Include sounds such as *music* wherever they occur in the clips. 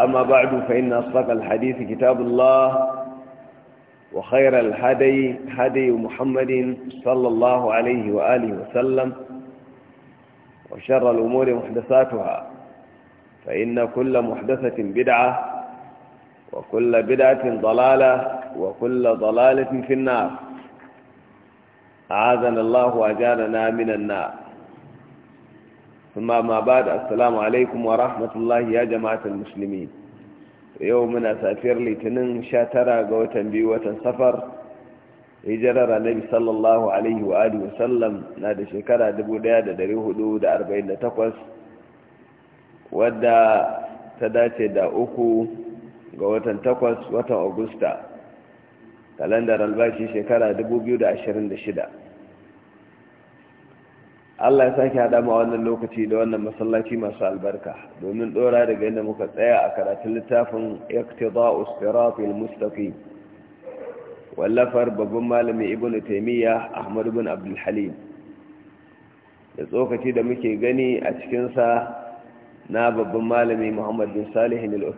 أما بعد فإن أصدق الحديث كتاب الله وخير الهدي هدي محمد صلى الله عليه وآله وسلم وشر الأمور محدثاتها فإن كل محدثة بدعة وكل بدعة ضلالة وكل ضلالة في النار أعاذنا الله وأجاننا من النار ثم ما بعد السلام عليكم ورحمة الله يا جماعة المسلمين يومنا سافر لتنن شاترا قوتا بيوة سفر hijirar annabi sallallahu alaihi wa alihi wasallam na da shekara 1448 wadda ta dace da uku ga watan takwas watan agusta kalandar albashi shekara 2026 Allah ya sake haɗa ma wannan lokaci da wannan masallaci masu albarka domin ɗora daga inda muka tsaya a karatun littafin iktida'u siratul mustaqim wallafar babban malami Ibn taymiya ahmad bin abdul da tsokaci da muke gani a cikin sa na babban malami muhammad bin salih al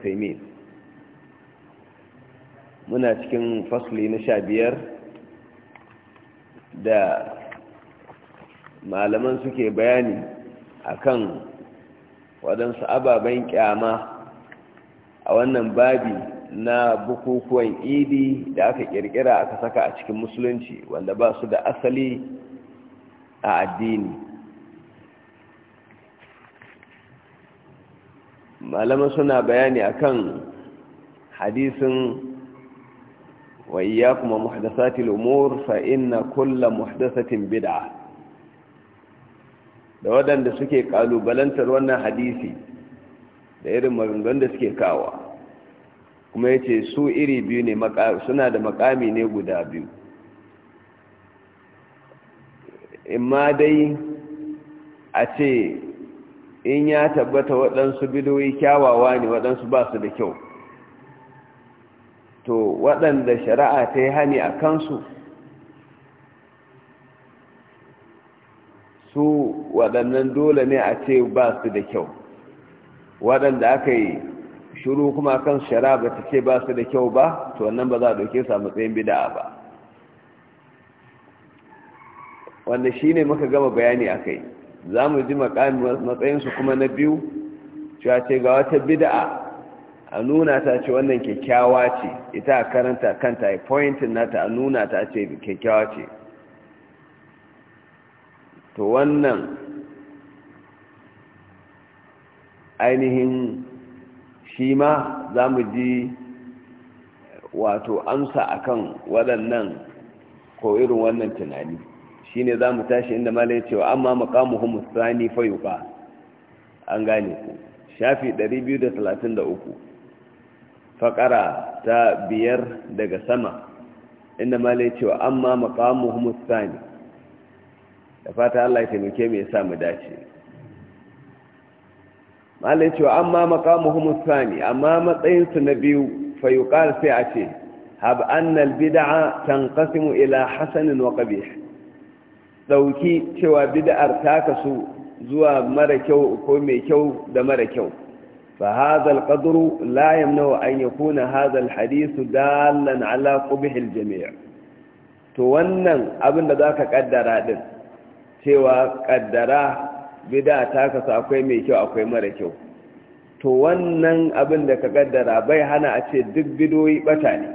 muna cikin fasli na sha biyar da malaman suke bayani akan waɗansu ababen kyama a wannan babi na bukukuwan idi da aka ƙirƙira aka saka a cikin musulunci wanda ba su da asali a addini malaman suna bayani akan hadisin wa kuma muhdasatil umur fa inna kulla muhdasatin bida. da waɗanda suke ƙalubalantar wannan hadisi da irin marungan da suke kawa kuma ya ce su iri biyu ne suna da makami ne guda biyu imma dai a ce in ya tabbata waɗansu bidoyi kyawawa ne waɗansu ba su da kyau to waɗanda shari'a ta yi hani a kansu su waɗannan dole ne a ce ba su da kyau waɗanda aka yi shuru kuma kan shara ba ta ce ba su da kyau ba to wannan ba za a ɗauke su a matsayin bida'a ba wanda shi ne muka gama bayani a kai za mu ji matsayinsu kuma na biyu cewa ce ga wata bida'a a nuna ta ce wannan kyakkyawa ce ita a karanta kanta a pointin nata a nuna ta ce kyakkyawa ce to wannan ainihin shi ma za mu ji wato amsa akan waɗannan ko irin wannan tunani shi ne za mu tashi inda malaye cewa amma musulani fayu ba an gane ku shafi 233 faƙara ta biyar daga sama inda malaye cewa amma makamuhu musulani da fata Allah ya taimake mu ya sa dace malai cewa amma maqamuhum tsani amma matsayin su na biyu fa yuqal sai a ce hab anna al bid'a tanqasimu ila hasan wa qabih dauki cewa bid'ar ta kasu zuwa mara kyau ko mai kyau da mara kyau فهذا القدر لا يمنع أن يكون هذا الحديث ala على قبح الجميع to wannan abin da za ka kaddara din cewa kaddara bida ta kasu akwai mai kyau akwai mara kyau to wannan abin da ka kaddara bai hana a ce duk bidoyi bata ne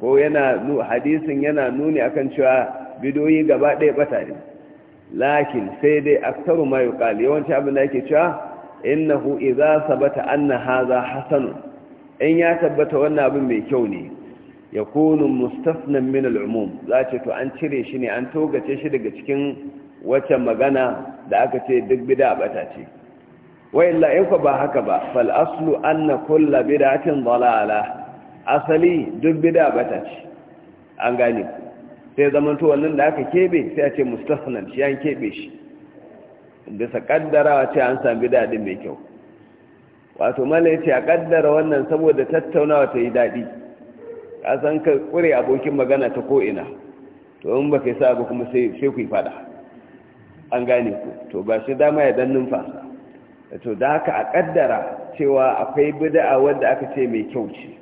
ko yana hadisin yana nuni akan cewa bidoyi gaba ɗaya bata ne lakin sai dai aktaru ma yuqal yawanci abin da yake cewa innahu idza sabata anna hadha hasan in ya tabbata wannan abin mai kyau ne yakunu mustafnan min al-umum zace to an cire shi ne an togace shi daga cikin waccan magana da aka ce duk bida bata ce Wai in ku ba haka ba fal aslu anna kulla bidatin dalala asali duk bida bata ce an gane ku sai to wannan da aka kebe sai a ce mustahnan shi an kebe shi kaddara a ce an sami daɗin mai kyau wato mala ya a kaddara wannan saboda tattaunawa ta yi daɗi ka san ka kure abokin magana ta ko ina. to in ba ka sa ba kuma sai ku yi fada an gane ku to ba shi dama ya dan numfasa to da haka a kaddara cewa akwai bid'a wanda aka ce mai kyau ce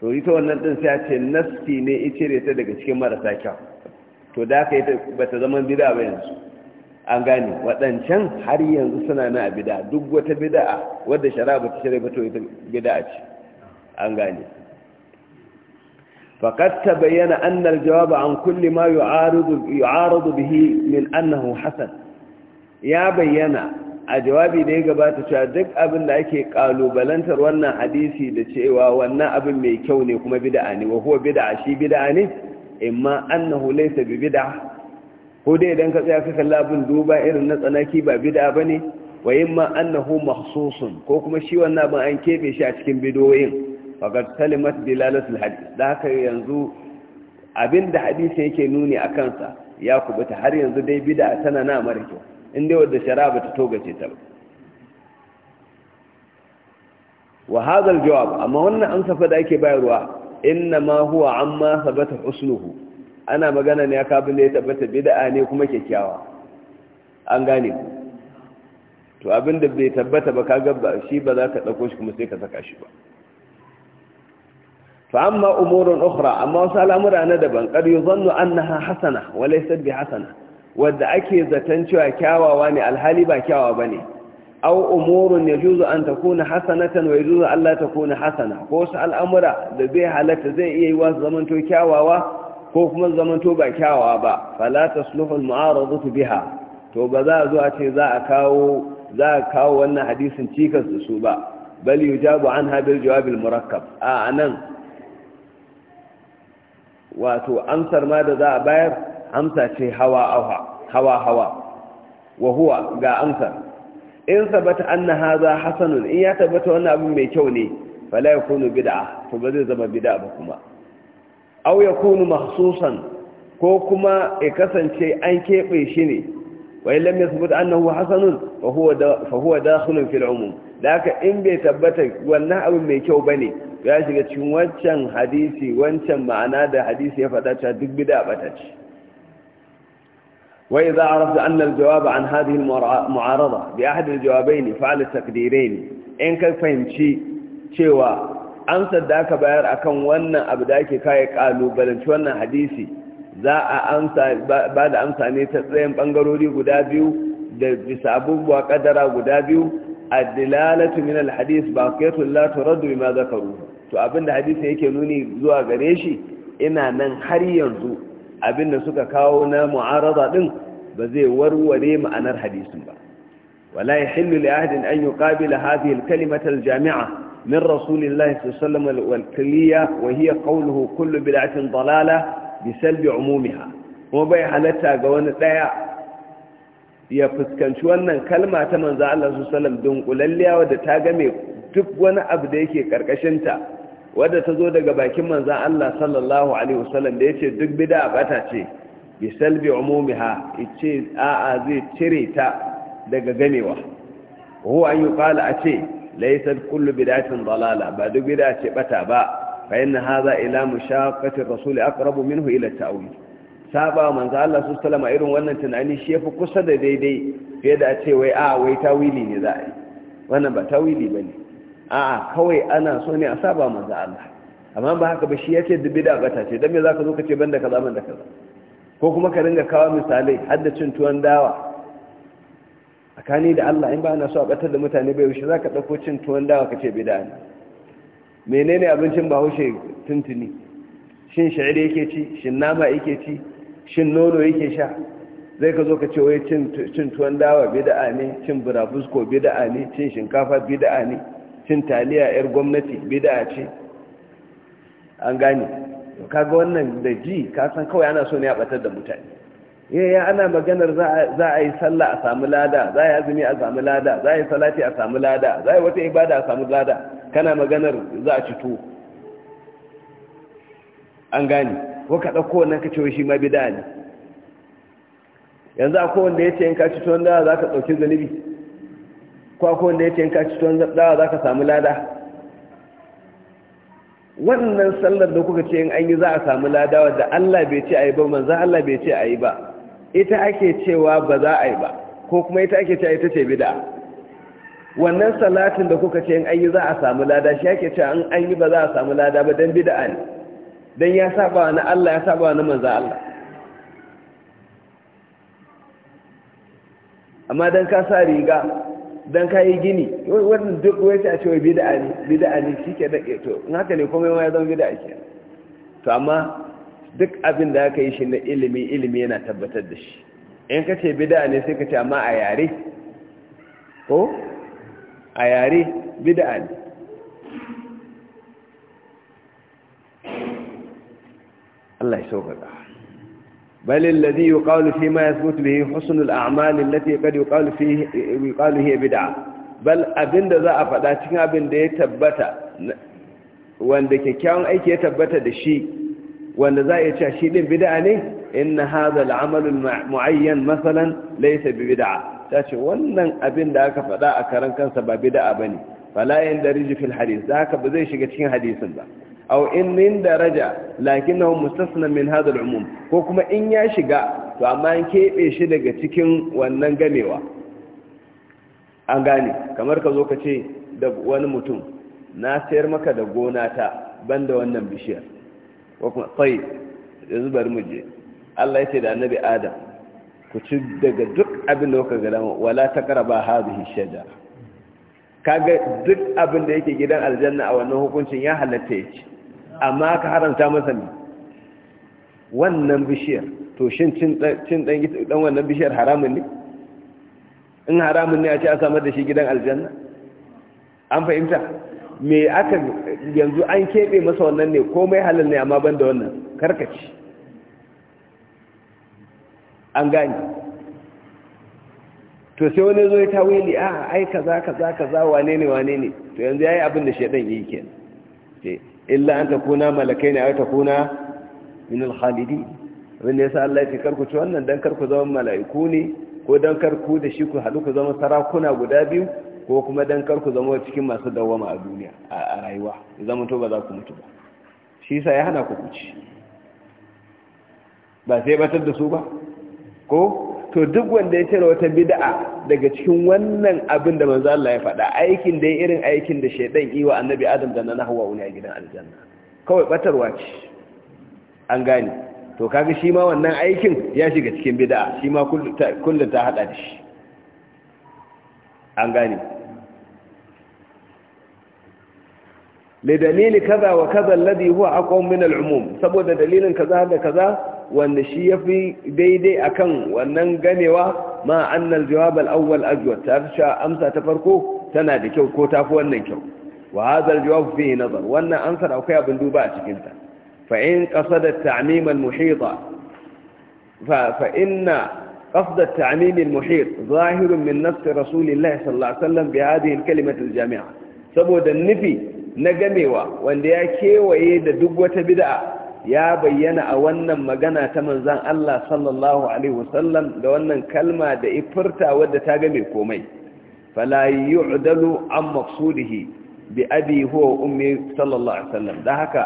to ita wannan din sai a ce nasti ne ice ne ta daga cikin marasa kyau to da haka ita bata zama bid'a ba yanzu an gane waɗancan har yanzu suna na bid'a duk wata bid'a wadda shari'a bata shari'a ba to ita bid'a ce an gane فقد تبين أن الجواب عن كل ما يعارض, يعارض به من أنه حسن يا بينا a jawabi da ya gabata cewa duk abin da ake kalubalantar wannan hadisi da cewa wannan abin mai kyau ne kuma bid'a ne wa huwa bid'a shi bid'a ne imma annahu laysa bi bid'a ko dai idan ka tsaya ka kalla abin duba irin na tsanaki ba bid'a bane wa annahu mahsusun ko kuma shi wannan abin an kebe shi a cikin bidoyin faqad salimat dilalatul hadith da haka yanzu abinda hadisi yake nuni a kansa ya kubuta har yanzu dai bid'a tana na mara kyau in dai wanda ta togace ta ba wa hadal jawab amma wannan amsa safa da ake bayarwa inna ma huwa amma sabata husnuhu ana magana ne aka abin da ya tabbata bid'a ne kuma kyakkyawa an gane ku to abin bai tabbata ba ka gabba shi ba za ka dauko shi kuma sai ka saka shi ba فأما أمور أخرى أما وسأل أمر أنا دبن قد يظن أنها حسنة وليست بحسنة ودعكي زتنشو كاوى واني الهالبة كاوى بني أو أمور يجوز أن تكون حسنة ويجوز أن لا تكون حسنة فوش الأمر دبيها لتزيئي يواز زمنتو كاوى كوكما زمنتو با كاوى با فلا تصلح المعارضة بها تو بذا زواتي ذا أكاو ذا أكاو أن حديث تيكس دسوبا بل يجاب عنها بالجواب المركب آه أنا wato amsar ma da za a bayar amsa ce hawa hawa hawa wa huwa ga amsar in sabata anna hadha hasanun in ya tabbata wannan abin mai kyau ne fala yakunu bid'a to ba zai zama bid'a ba kuma aw yakunu mahsusan ko kuma ya kasance an kebe shi ne wa illam yathbut annahu hasanun fa huwa fa huwa dakhilun fil umum da in bai tabbata wannan abin mai kyau ba ne ya shiga cikin wancan hadisi wancan ma'ana da hadisi ya faɗa ta duk bida bata wai za a rasu annal jawaba an hadhihi mu'arada bi ahad al jawabain fa'al taqdirain in ka fahimci cewa amsar da aka bayar akan wannan abu da ake kai kalubalanci wannan hadisi za a amsa ba da amsa ne ta tsayin bangarori guda biyu da bisa abubuwa kadara guda biyu addilalatu min alhadis baqiyatu la turaddu bima zakaru to abinda hadisi yake nuni zuwa gare shi ina nan har yanzu abinda suka kawo na mu'arada din ba zai warware ma'anar hadisin ba wala yahillu li ahadin an yuqabila hadhihi alkalimata aljami'a min rasulillahi sallallahu alaihi wasallam walkaliya wa hiya qawluhu kullu bid'atin dalala bi salbi umumiha kuma bai halatta ga wani daya ya fuskanci wannan kalma ta manzo Allah su sallam kulalliya wadda ta game duk wani abu da yake karkashinta wadda ta zo daga bakin manzo Allah sallallahu alaihi wasallam da yace duk bid'a bata ce bi salbi umumiha yace a'a zai cire ta daga gamewa huwa an yuqala ace laysa kullu bid'atin dalala ba duk bid'a ce bata ba fa inna hadha ila mushaqqati rasul aqrabu minhu ila ta tawil saba manzo Allah su sallama irin wannan tunani shi yafi kusa da daidai fiye da a ce wai a wai tawili ne za a yi wannan ba tawili ba ne a kawai ana so ne a saba manzo Allah amma ba haka ba shi ya ce dubi da bata ce don me za ka zo ka ce banda kaza banda kaza ko kuma ka ringa kawo misalai har da cin tuwon dawa tsakani da Allah in ba ana so a batar da mutane bai wuce za ka ɗauko cin tuwon dawa ka ce bida ne menene abincin bahaushe tuntuni shin sha'ir yake ci shin nama yake ci shin nono yake sha zai ka zo ka ce wai cin tuwon dawa bida'a ne cin burabusko bida'a ne cin shinkafa bida'a ne cin taliya yar gwamnati bida'a ce an gane kaga wannan da ji ka san kawai ana so ne a batar da mutane yaya eh, ana maganar za a yi sallah a samu lada za a yi azumi a samu lada za a yi salati a samu lada za a yi wata ibada a samu lada kana maganar za a ci tuwo an gane ko ka ɗauko wannan ka cewa shi ma bida ne yanzu akwai wanda ya ce in ka tuwon dawa za ka ɗauki zunubi ko akwai wanda ya ce in ka tuwon dawa za ka samu lada wannan sallar da kuka ce in an yi za a samu lada wadda Allah bai ce a yi ba manzan Allah bai ce a yi ba ita ake cewa ba za a yi ba ko kuma ita ake cewa ita ce bida wannan salatin da kuka ce in an yi za a samu lada shi ake cewa an yi ba za a samu lada ba don bida ne don ya saba na Allah ya saba na manza Allah amma don ka sa riga don ka yi gini wannan duk wai a cewa bida'a ne bida'a ne shi ke daƙe to in haka ne kuma ya zama bida'a ke to amma duk abin da aka yi shi na ilimi ilimi yana tabbatar da shi in ka ce bida'a ne sai ka ce amma a yare ko a yare bida'a ne Allah ya sauƙaƙa بل الذي يقال فيما يثبت به aiki ya tabbata da shi wanda za a iya cewa shi din bid'a ne inna hadha al-amal al-mu'ayyan masalan laysa bi bid'a tace wannan abin da aka faɗa a karan kansa ba bid'a bane fala yandarij fil hadith da haka ba zai shiga cikin hadisin ba aw in min daraja lakinnahu mustasna min hadha al ko kuma in ya shiga to amma an kebe shi daga cikin wannan gamewa an gane kamar ka zo ka ce da wani mutum na sayar maka da gona ta banda wannan bishiyar ko kuma tsayi yanzu bari mu je Allah ya ce da annabi Adam ku ci daga duk abin da kuka gada wala taqraba hadhihi shajara kaga duk abin da yake gidan aljanna a wannan hukuncin ya halatta ya ci amma ka haramta masa ne wannan bishiyar to shin cin dan wannan bishiyar haramun ne in haramun ne a ce a samar da shi gidan aljanna an fahimta me aka yanzu an keɓe masa wannan ne komai halal ne amma ban da wannan karkaci an gani to sai wani zo ya tawili a ah, ai kaza kaza kaza wane ne wane ne to yanzu yayi abin da shedan yake kenan eh. illa an takuna malakai ne ai takuna min al-khalidi abin da yasa Allah ya ce karku ci wannan dan karku zama mala'iku ne ko dan karku da shi ku haɗu ku zama sarakuna guda biyu ko kuma dan karku zama cikin masu dawama a duniya a rayuwa zama to ba za ku mutu ba shi yasa ya hana ku kuci ba sai batar da su ba ko to duk wanda ya cire wata bid'a daga cikin wannan abin da manzo Allah ya faɗa aikin da irin aikin da shedan yi wa annabi Adam da na Hawwa wani a gidan aljanna kawai batarwa ce an gane to kaga shi ma wannan aikin ya shiga cikin bid'a shi ma kullun ta hada da shi an gane dalili kaza wa kaza alladhi huwa aqwam min al saboda dalilin kaza da kaza wanda shi ya fi daidai a kan wannan ganewa ma annal jawabal awwal ajwad ta sha amsa ta farko tana da kyau ko tafi wannan kyau wa hadha aljawab fihi nazar wannan ansar akwai abin duba a cikin ta fa in qasada at-ta'mim al-muhita fa fa inna قصد التعميم المحيط ظاهر من نفس رسول الله صلى الله عليه وسلم بهذه الكلمة الجامعة saboda nufi na gamewa wanda ya kewaye da duk wata bid'a ya bayyana a wannan magana ta manzan Allah sallallahu Alaihi wasallam da wannan kalma da ifirta wadda ta game komai fala udalu an maksudihi bi abi huwa umme sallallahu alaihi wasallam da haka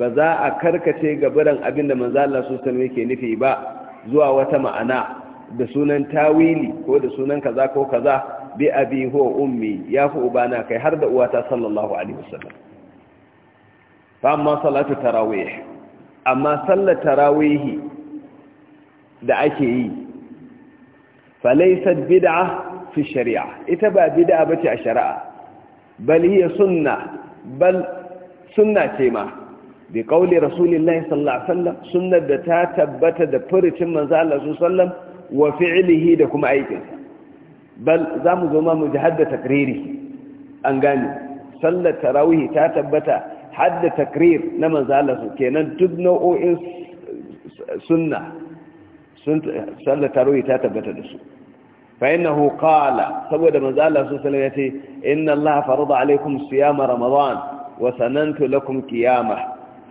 ba za a karkace gabaran abin da manzan Allah sallallahu yake nufi ba zuwa wata ma'ana da sunan tawili ko da sunan kaza ko kaza bi abi huwa ummi ya fi ubana kai har da uwata sallallahu alaihi wasallam fa amma salatu tarawih amma sallar tarawih da ake yi fa laysat bid'ah fi shari'a ita ba bid'a bace a shari'a bal hiya sunna bal sunna ce ma bi qauli rasulillahi sallallahu alaihi wasallam sunnar da ta tabbata da furucin manzo Allah sallallahu alaihi wasallam wa fi'lihi da kuma aikinsa bal zamu zo ma mu ji da takriri an gane sallar tarawih ta tabbata hadda takrir na manzo kenan duk nau'o'in sunna sun sallar tarawih ta tabbata da su Fainahu kala saboda manzo Allah su inna Allah farada alaikum siyama ramadan wa sanantu lakum kiyama.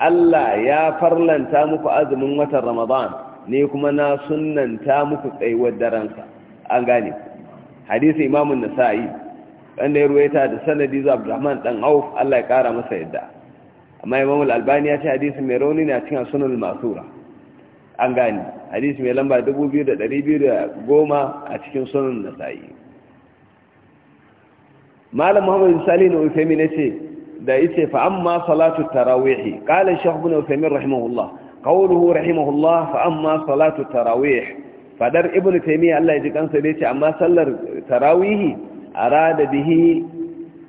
Allah ya farlanta muku azumin watan ramadan ne kuma na sunanta muku tsayuwar daransa. an gane hadisi imamun nasa'i wanda ya ruwaita da sanadi zuwa ɗan dan auf Allah ya kara masa yadda amma imam al-albani ya ce hadisi mai rauni ne a cikin sunan masura an gani hadisi mai lamba 2210 a cikin sunan nasa'i malam muhammad sali na usaimi ne ce da yace fa amma salatu tarawih qala shaykh ibn usaimi rahimahullah qawluhu rahimahullah fa amma salatu tarawih fadar ibn taymiya Allah ya ji kansa da ce amma sallar tarawih arada bihi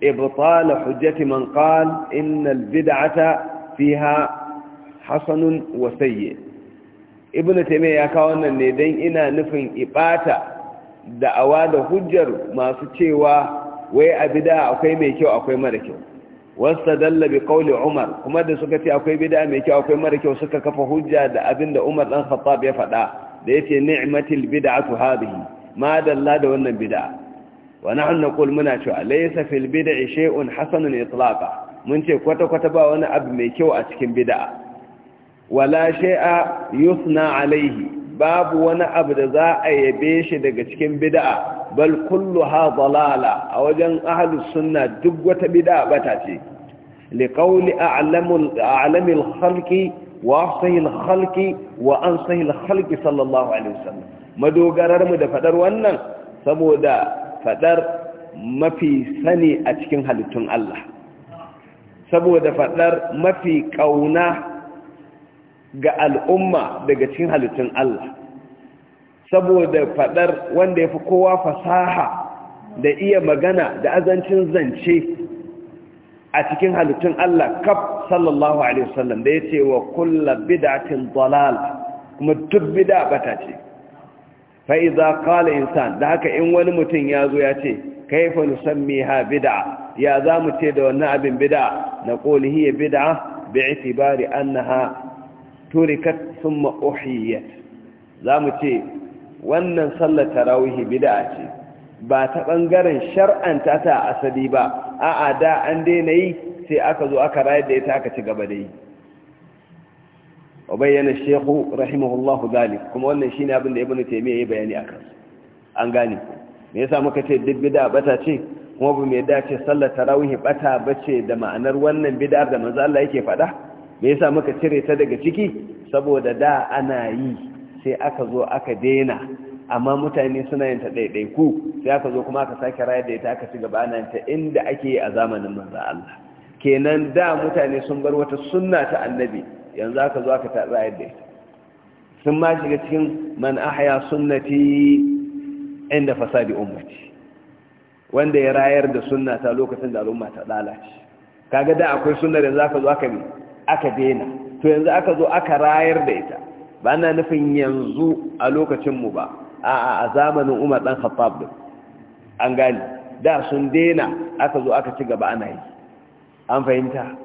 ابطال حجه من قال ان البدعه فيها حسن وسيء ابن تيميه ya kawo wannan ne dan ina nufin ibata da awa hujjar masu cewa wai a bid'a akwai mai kyau akwai mara kyau wastadalla bi qawli umar kuma da suka ce akwai bid'a mai kyau akwai mara kyau suka kafa hujja da abinda umar ɗan khattab ya faɗa da yace ni'matil bid'atu hadhihi ma dalla da wannan bid'a wa nahnu naqul muna cewa laysa fil bid'i shay'un hasanun itlaqa mun ce kwata kwata ba wani abu mai kyau a cikin bid'a wala shay'a yusna alaihi babu wani abu da za a yabe shi daga cikin bid'a bal ha dalala a wajen ahlus sunna duk wata bid'a ta ce liqauli a'lamul a'lamil khalqi an الخلق وأنصه sallallahu alaihi الله عليه وسلم مدوغرر مدفدر wannan saboda. fadar mafi sani a cikin halittun Allah saboda fadar mafi kauna ga al'umma daga cikin halittun Allah saboda fadar wanda ya fi kowa fasaha da iya magana da azancin zance a cikin halittun Allah kaf sallallahu alaihi wasallam da ya ce wa kullu bid'atin dalal kuma duk bid'a bata ce fa'iza kala insan da haka in wani mutum ya zo ya ce kaifa nusammi miha bid'a ya za mu ce da wannan abin bid'a na qul hiya bid'a bi'tibari annaha turikat thumma uhiyat za mu ce wannan sallar tarawih bid'a ce ba ta ɓangaren shar'anta ta asali ba a'a da an daina yi sai aka zo aka rayar da ita aka ci gaba da yi wa bayyana shehu rahimahullahu zalik kuma wannan shi ne abin da ibn taimiyya ya bayani a kansu an gane me yasa muka ce duk bida bata ce kuma bu mai dace sallar tarawih bata bace da ma'anar wannan bid'ar da manzo Allah yake faɗa me yasa muka cire ta daga ciki saboda da ana yi sai aka zo aka daina amma mutane suna yin ta ɗaiɗaiku sai aka zo kuma aka sake rayar da ita aka ci gaba ana ta inda ake yi a zamanin manzo Allah kenan da mutane sun bar wata sunna ta annabi yanzu aka zo aka a yadda sun ma shiga cikin man ahaya sunnati inda fasadi ummati wanda ya rayar da sunna ta lokacin da al'umma ta lalace kaga da akwai sunna da zaka zo aka bi aka dena to yanzu aka zo aka rayar da ita ba na nufin yanzu a lokacin mu ba a a zamanin Umar dan Khattab din an gani da sun dena aka zo aka ci gaba ana yi an fahimta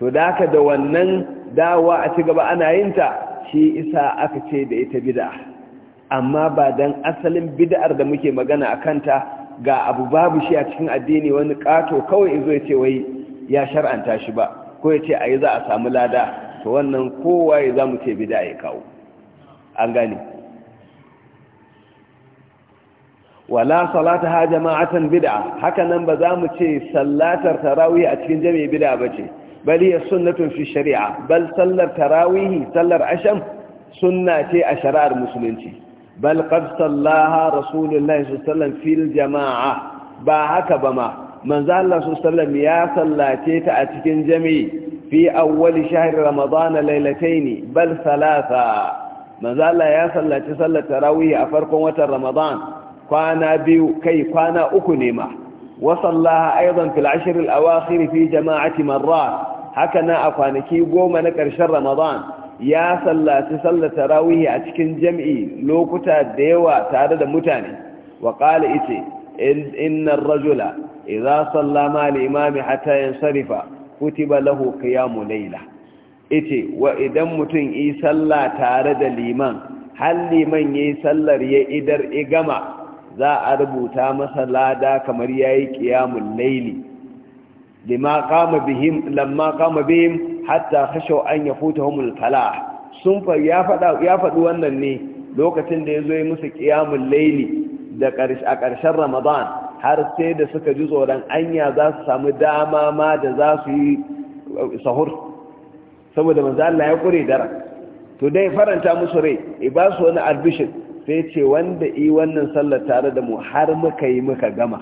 to da haka da wannan dawa a ci gaba ana yin ta shi isa aka ce da ita bid'a amma ba dan asalin bida'ar da muke magana a kanta ga abu babu shi a cikin addini wani kato kawai izo ya ce wai ya shar'anta shi ba ko ya ce ayi za a samu lada to wannan kowa ya zamu ce bid'a ya kawo an gane wala salata ha jama'atan bid'a haka nan ba za mu ce sallatar tarawih a cikin jami'i bid'a ba ce. bal hiya sunnatun fi shari'a bal sallar tarawih sallar asham sunna ce a shari'ar musulunci bal qad sallaha rasulullahi sallallahu alaihi ba haka ba ma manzo Allah ya sallace ta a cikin jami'i fi awwal shahr ramadan laylatayn bal thalatha manzo ya sallace sallar tarawihi a farkon watan ramadan kwana biyu kai kwana uku ne ma wasallaha aidan fil ashr al awakhir fi jama'ati marrat haka na a kwanaki goma na ƙarshen ramadan ya sallaci sallar tarawih a cikin jam'i lokuta da yawa tare da mutane wa qala ite inna ar-rajula idza sallama li imami hatta yansarifa kutiba lahu qiyamu layla ite wa idan mutum yi sallah tare da liman har liman yayi sallar ya idar igama za a rubuta masa lada kamar yayi qiyamul layli lima lamma qama bihim hatta khashaw an yafutuhumul falah sun fa ya fada ya fadi wannan ne lokacin da yazo yi musu qiyamul laili da a ƙarshen Ramadan har sai da suka ji tsoron anya za su samu dama ma da za su yi uh, sahur saboda manzo Allah ya kure dara to dai faranta musu rai ba su wani albishin sai ce wanda yi wannan sallar tare da mu har muka yi muka gama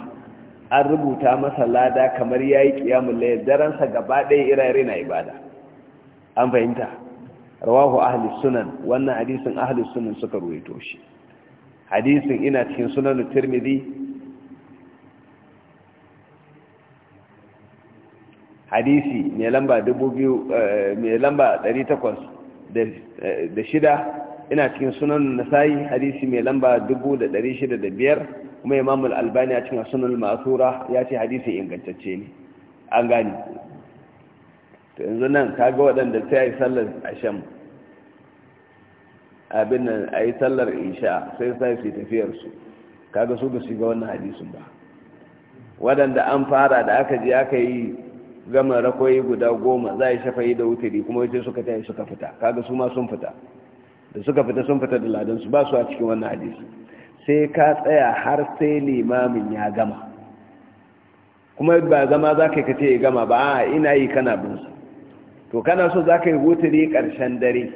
an rubuta masa lada kamar ya yi ƙiyamun layar daransa gaba ɗaya irare na ibada an fahimta rawahu ahli sunan wannan hadisin ahli sunan suka ruwaito shi hadisin ina cikin sunan turmidi hadisi mai lamba 2800 eh, eh, da shida ina cikin sunan nasa'i hadisi mai lamba biyar kuma imam al'albani a cikin sunan masura ya ce hadisi ingantacce ne an gani to yanzu nan ka ga waɗanda ta yi sallar ashen abin nan a yi sallar insha sai sai su tafiyarsu ka ga su ga su ga wannan hadisun ba waɗanda an fara da aka je aka yi gama rakoyi guda goma za a yi shafayi da wuturi kuma wace suka ta yi suka fita kaga su ma sun fita da suka fita sun fita da ladansu ba su a cikin wannan hadisi sai ka tsaya har sai limamin ya gama kuma ba zama za ka kace ya gama ba a ina yi kana binsa to kana so za ka yi wuturi ƙarshen dare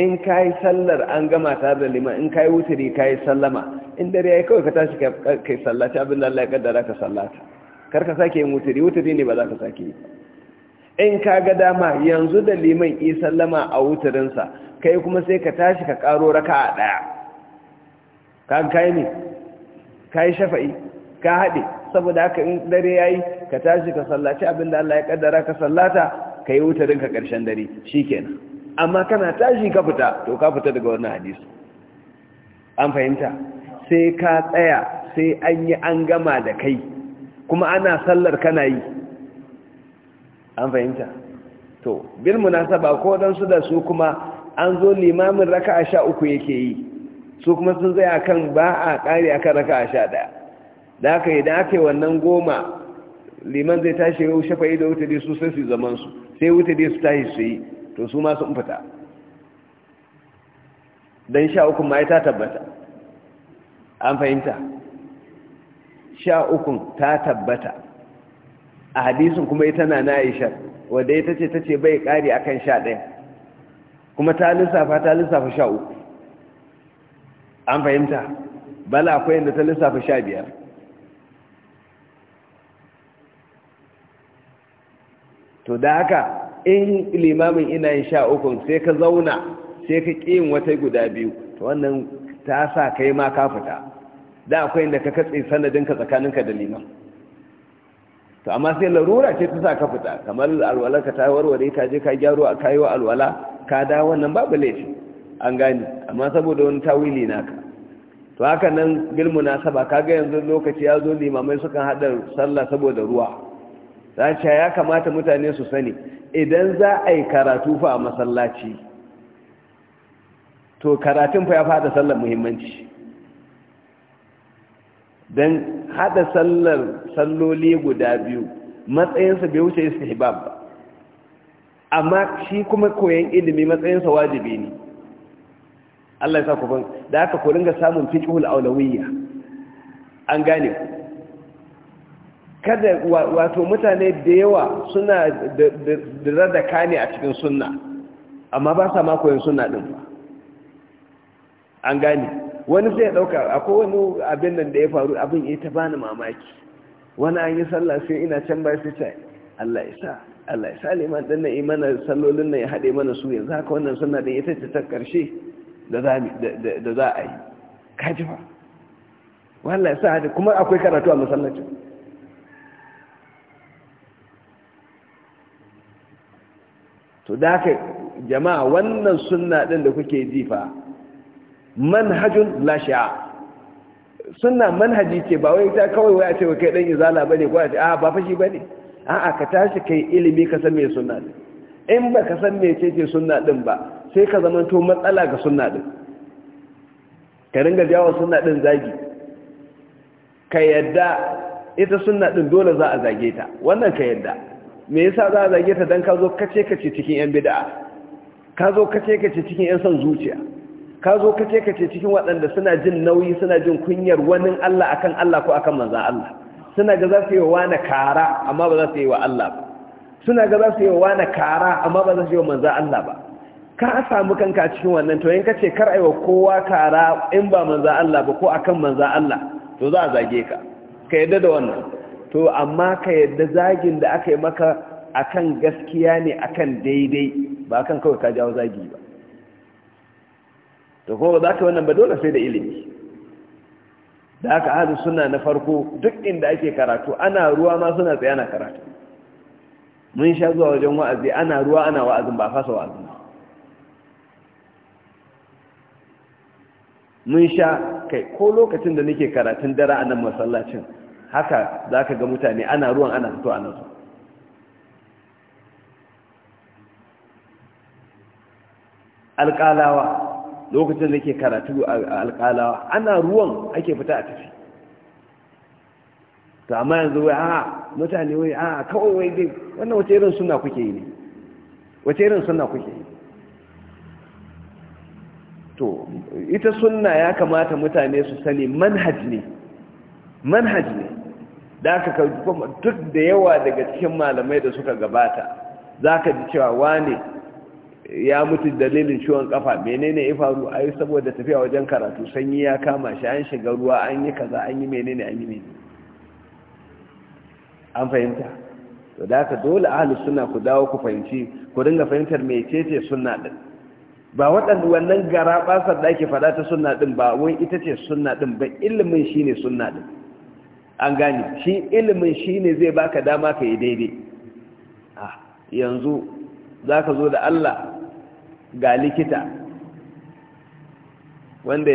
in ka yi sallar an gama ta da liman in ka yi wuturi ka yi sallama in dare ya yi kawai ka tashi ka yi sallata abin da Allah ya kaddara ka sallata kar ka sake yin wuturi wuturi ne ba za ka sake yi in ka ga dama yanzu da liman yi sallama a wuturinsa kai kuma sai ka tashi ka karo raka a ɗaya ka kai ne ka yi shafa'i ka haɗe saboda haka in dare ya yi ka tashi ka sallaci abinda Allah ya ƙaddara ka sallata ka yi wutarin ka ƙarshen dare shi kenan amma kana tashi ka fita to ka fita daga wannan hadisu. an fahimta sai ka tsaya sai an yi an gama da kai kuma ana sallar kana yi an fahimta to bin munasaba ko don su da su kuma an zo limamin a sha uku yake yi su kuma sun zai kan ba a ƙari a kan a sha ɗaya da aka yi da aka yi wannan goma liman zai tashi yau yi da wuta dai su sai su zaman su sai wuta dai su tashi su yi to su ma sun fita don sha uku ma ta tabbata an fahimta sha ukun ta tabbata a hadisin kuma ita na na'ishar aisha wadda ita ce ta ce bai ƙari akan sha ɗaya kuma ta lissafa ta lissafa sha uku an fahimta bala akwai yadda ta lissafa sha biyar to da haka in limamin ina yin sha ukun sai ka zauna sai ka yin wata guda biyu to wannan ta sa kai ma ka fita da akwai yadda ka katse sanadinka tsakaninka da liman to amma sai larura ce ta sa ka fita kamar ka ta warware ka je ka gyaro a kayo alwala ka da wannan babu laifi an gane amma saboda wani tawili naka to haka nan na saba, kaga yanzu lokaci ya zo limamai sukan hada sallah saboda ruwa sace ya kamata mutane su sani idan za a yi karatu fa a masallaci to karatun fa ya fada sallar muhimmanci dan hada sallar salloli guda biyu matsayinsa bai wuce istihbab ba amma shi kuma koyan ilimi matsayinsa wajibi ne Allah ya sa ku ban da aka ku ringa samun fiqhul aulawiyya an gane kada wato mutane da yawa suna da rada kane a cikin sunna amma ba sa ma koyan sunna din ba an gane wani sai ya dauka akwai wani abin nan da ya faru abin ya ta bani mamaki wani an yi sallah sai ina can ba sai Allah ya sa Allah ya sale man din nan mana sallolin nan ya hade mana su yanzu haka wannan sunna din ita ce ta karshe da za da za a yi kaji fa wallahi sa hade kuma akwai karatu a musallacin to da haka jama'a wannan sunna din da kuke ji fa manhajun la sha. sunna manhaji ce ba wai ta kawai wai a ce kai dan izala bane ko a ce a ba fashi bane a'a ka tashi kai ilimi ka san me sunna din in ba ka san me ce sunna din ba sai ka zama to matsala ga sunna din ka ringa jawo sunna din zagi ka yadda ita sunna din dole za a zage ta wannan ka yadda me yasa za a zage ta dan ka zo kace kace cikin yan bid'a ka zo kace kace cikin yan son zuciya ka zo kace kace cikin waɗanda suna jin nauyi suna jin kunyar wani Allah akan Allah ko akan manzon Allah suna ga za su yi wa na kara amma ba za su yi wa Allah ba suna ga za su yi wa na kara amma ba za su yi wa manzan Allah ba ka samu kanka cikin wannan to in ka ce kar aiwa kowa kara in ba manzan Allah ba ko akan manzan Allah to za a zage ka ka yadda da wannan to amma ka yadda zagin da aka yi maka akan gaskiya ne akan daidai ba akan kawai ka jawo zagi ba to kuma ba za ka wannan ba dole sai da ilimi da aka ahli suna na farko duk inda ake karatu ana ruwa ma suna tsaye ana karatu mun sha zuwa wajen wa'azi ana ruwa ana wa'azin ba fasa wa'azin mun sha kai ko lokacin da nake karatun dara a nan masallacin haka za ka ga mutane ana ruwan ana fito ana zuwa alƙalawa lokacin da ke karatu a alƙalawa ana ruwan ake fita a tafi to amma yanzu wai a mutane wai a kawai wai dai wannan wace irin suna kuke yi ne wace irin suna kuke yi to ita sunna ya kamata mutane su sani manhaj ne manhaj ne da aka duk da yawa daga cikin malamai da suka gabata za ka ji cewa wane ya mutu dalilin ciwon kafa menene ya faru ai saboda tafiya wajen karatu sanyi ya kama shi an shiga ruwa an yi kaza an yi menene an yi menene an fahimta to da haka dole ahli sunna ku dawo ku fahimci ku dinga fahimtar mecece sunna din ba waɗanda wannan gara basar da ake faɗa ta sunna din ba wai ita ce sunna din ba ilimin shine sunna din an gane shi ilimin shine zai baka dama ka yi daidai ah yanzu za ka zo da Allah ga likita wanda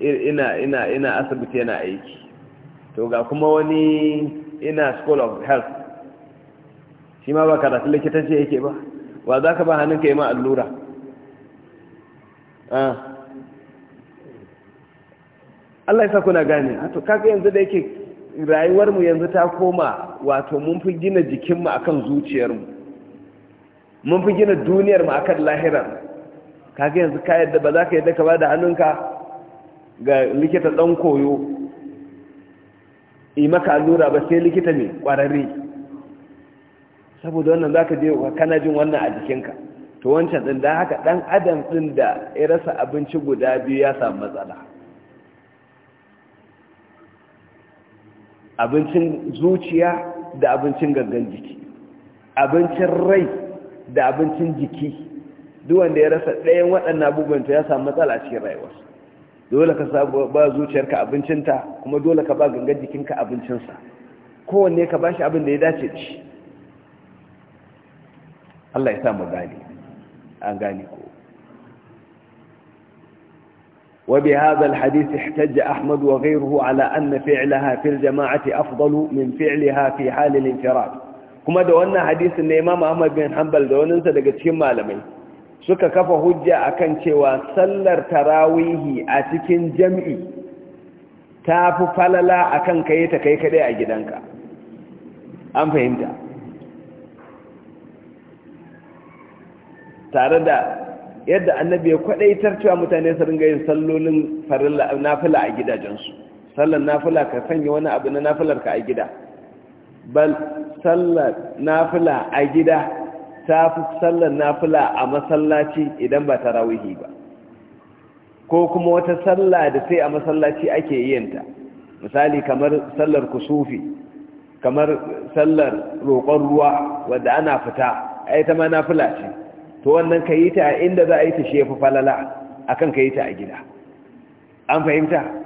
ina ina ina asibiti yana aiki to ga kuma wani ina school of health shi ma ba karatu likitanci yake ba wa za ka ba hannunka yi ma allura ah. Allah ya sa kuna gane to kaka yanzu da yake rayuwarmu yanzu ta koma wato mun fi gina jikinmu akan zuciyarmu mun fi gina duniyar mu akan lahiran kaga yanzu ka yadda ba za ka yadda ka ba da hannunka ga likita ɗan koyo yi maka allura ba sai likita mai ƙwararre saboda wannan za ka je kana jin wannan a jikinka to wancan ɗin da haka ɗan adam ɗin da ya rasa abinci guda biyu ya samu matsala abincin zuciya da abincin gangan jiki abincin rai da abincin jiki duk wanda ya rasa ɗayan waɗannan abubuwan to ya samu matsala a cikin rayuwarsa dole ka ba zuciyarka abincinta kuma dole ka ba gangar jikinka abincinsa kowanne ka ba shi abin da ya dace ci Allah ya sa mu gani an gani ko وبهذا الحديث احتج أحمد وغيره على أن فعلها في الجماعة أفضل من فعلها في حال infirad kuma da wannan hadisin ne imam ahmad bin hanbal da waninsa daga cikin malamai suka kafa hujja akan cewa sallar tarawihi a cikin jam'i ta fi falala akan kai ta kai kadai a gidanka an fahimta tare da yadda annabi ya kwadaitar cewa mutane su ringa yin sallolin farilla nafila a gidajensu sallar nafila ka sanya wani abu na nafilar ka a gida bal sallar nafila a gida ta fi sallar nafila a masallaci idan ba tarawihi ba ko kuma wata salla da sai a masallaci ake yinta misali kamar sallar kusufi kamar sallar roƙon ruwa wadda ana fita a ta ma nafila ce to wannan ka yi ta inda za a yi ta shefi falala akan ka yi ta a gida an fahimta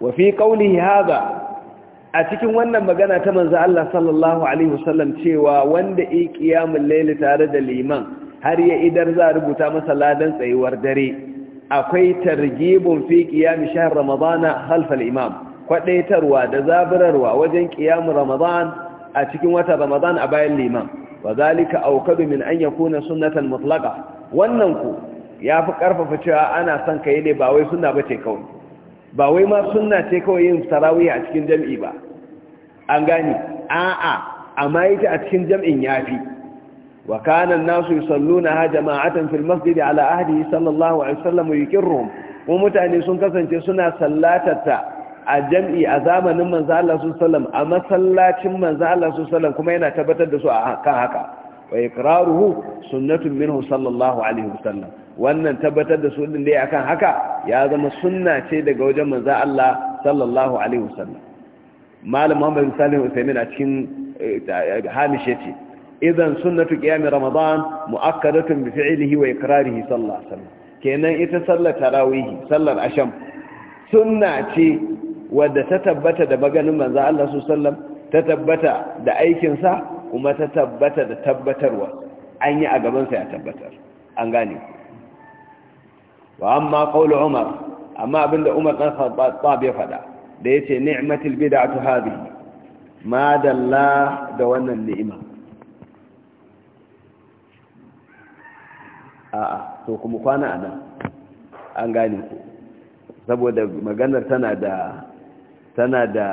Wafi fi qawlihi a cikin wannan magana ta manzo Allah sallallahu alaihi wasallam cewa wanda yi ƙiyamun layli tare da liman har ya idar za rubuta masa ladan tsayuwar dare akwai targhibun fi ƙiyami shahar ramadana khalf imam Kwaɗaitarwa da zaburarwa wajen ƙiyamun ramadan a cikin wata ramadan a bayan liman wa zalika awkadu min an yakuna sunnatan mutlaka wannan ku yafi ƙarfafa cewa ana son kai ne ba wai sunna bace kawai ba wai ma suna ce kawai yin tarawih a cikin jam'i ba an gani a'a amma ta a cikin jam'in yafi wa kana an-nasu yusalluna jama'atan fil masjid Al-ahadi sallallahu alaihi wasallam yukirruhum ko mutane sun kasance suna sallatata a jam'i a zamanin manzo Allah a masallacin manzo kuma yana tabbatar da su a kan haka wa iqraruhu sunnatun minhu sallallahu alaihi wannan tabbatar da su ɗin dai akan haka ya zama sunna ce daga wajen manza Allah sallallahu alaihi wasallam malam Muhammad Salim Usaimin a cikin eh, hamish yace idan sunnatu qiyam ramadan muakkadatun bi fi'lihi wa iqrarihi sallallahu alaihi kenan ita sallar tarawihi sallar asham sunna ce wadda ta tabbata da maganin manza Allah sallallahu ta tabbata da aikin sa kuma ta tabbata da tabbatarwa an yi a gabansa ya tabbatar an gane ku wa amma qaul umar amma abinda umar dan khattab ya fada da yace ni'matul bid'atu hadhihi ma dalla da wannan ni'ima a'a to kuma kwana anan an gane ku saboda maganar tana da tana da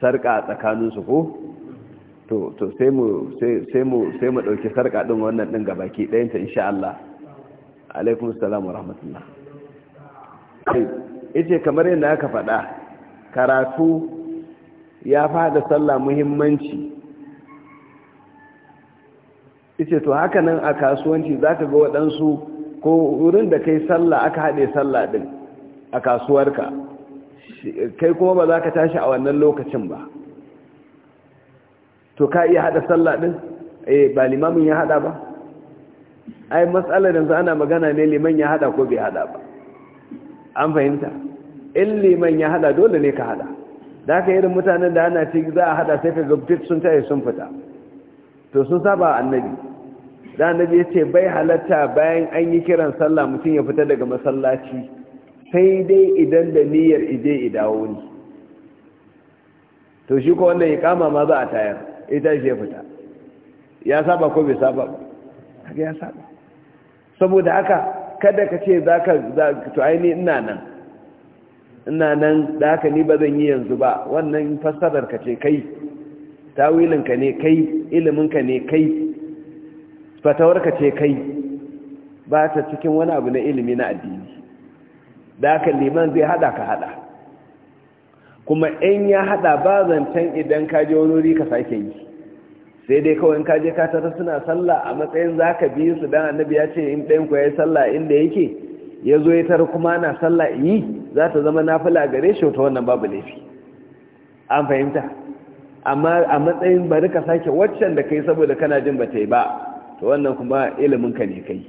sarka tsakaninsu ko to sai mu ɗauki sarka ɗin wannan ɗin gabaki ɗayanta insha Allah alaikun wa rahmatullah ita kamar yadda aka faɗa karatu ya fada sallah muhimmanci ita to haka nan a kasuwanci za ka ga waɗansu ko wurin da kai sallah aka haɗe sallah ɗin a kasuwarka kai kuma ba za ka tashi a wannan lokacin ba to ka iya haɗa sallah ɗin eh ba limamin ya haɗa ba ai matsalar yanzu ana magana ne liman ya hada ko bai hada ba an fahimta in liman ya hada dole ne ka hada da haka irin mutanen da ana ci za a hada sai ka gabtit sun taye sun fita to sun saba annabi da annabi ya ce bai halatta bayan an yi kiran sallah mutum ya fita daga masallaci sai dai idan da niyyar ije idawo ne to shi ko wannan ya kama ma za a tayar ita shi ya fita ya saba ko bai saba ba kaga ya saba saboda haka kada ka ce za ka to aini ina nan ina nan da haka ni ba zan yi yanzu ba wannan fassarar ka ce kai tawilinka ne kai iliminka ne kai fatawarka ce kai ba ta cikin wani abu na ilimi na addini da haka liman zai hada ka hada kuma in ya hada ba zancen idan ka je wani wuri ka sake yi sai dai kawai ka je ka tara suna sallah a matsayin zaka bi su dan annabi ya ce in ɗayan ku yayi sallah inda yake ya zo ya tara kuma na sallah yi za ta zama nafila gare shi ta wannan babu laifi an fahimta amma a matsayin bari ka sake waccan da kai saboda kana jin bata yi ba to wannan kuma ilimin ka ne kai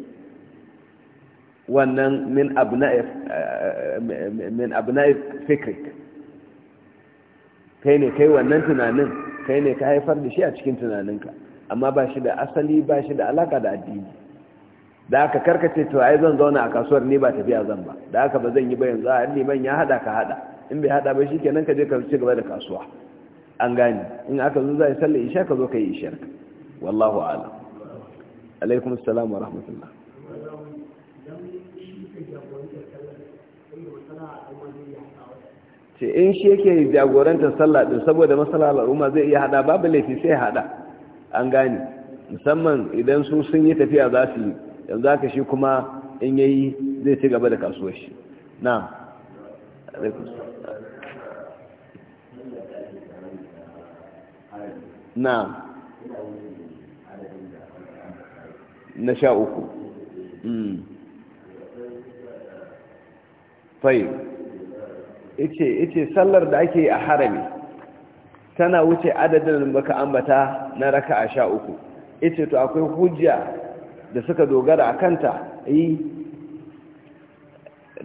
wannan min abna'i eh, eh, min abna'i fikrik kai ne kai wannan tunanin kai ne ka haifar da shi a cikin tunaninka amma ba shi da asali ba shi da alaka da addini da aka karkace to ai zan zauna a kasuwar ne ba tafiya zan ba da aka ba zan yi ba yanzu a liman ya hada ka hada in bai hada ba shi kenan ka je ka ci gaba da kasuwa an gane in aka zo za a yi sallar isha ka zo ka yi ishar wallahu a'lam alaikum assalam wa rahmatullah ce in eh, shi yake jagorantar sallah din saboda masala al'umma zai iya hada babu laifi sai hada an gane musamman idan su sun yi tafiya za su yi yanzu aka shi kuma in yayi zai ci gaba da kasuwar shi na'am na'am na sha uku hmm. fai yace sallar da ake a harami tana wuce adadin baka ambata na raka'a sha uku yace to akwai hujja da suka dogara a kanta yi eh,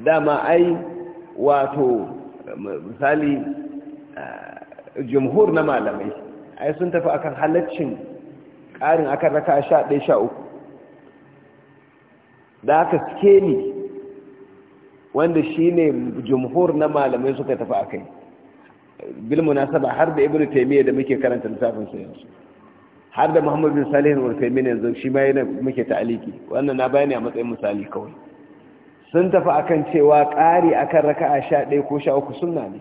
dama ai wato misali eh, jumhur na malamai ai sun tafi akan halaccin ƙarin akan raka'a sha ɗaya sha uku da aka ni. wanda shine jumhur na malamai suka tafi a bilmu na saba, har da ibnu taimiyya da muke karanta littafin su yanzu har da muhammad bin salihin al taimiyya yanzu shi ma yana muke ta'aliki wannan na bayani a matsayin misali kawai sun tafi akan cewa ƙari akan raka'a ɗaya ko sha uku sunna ne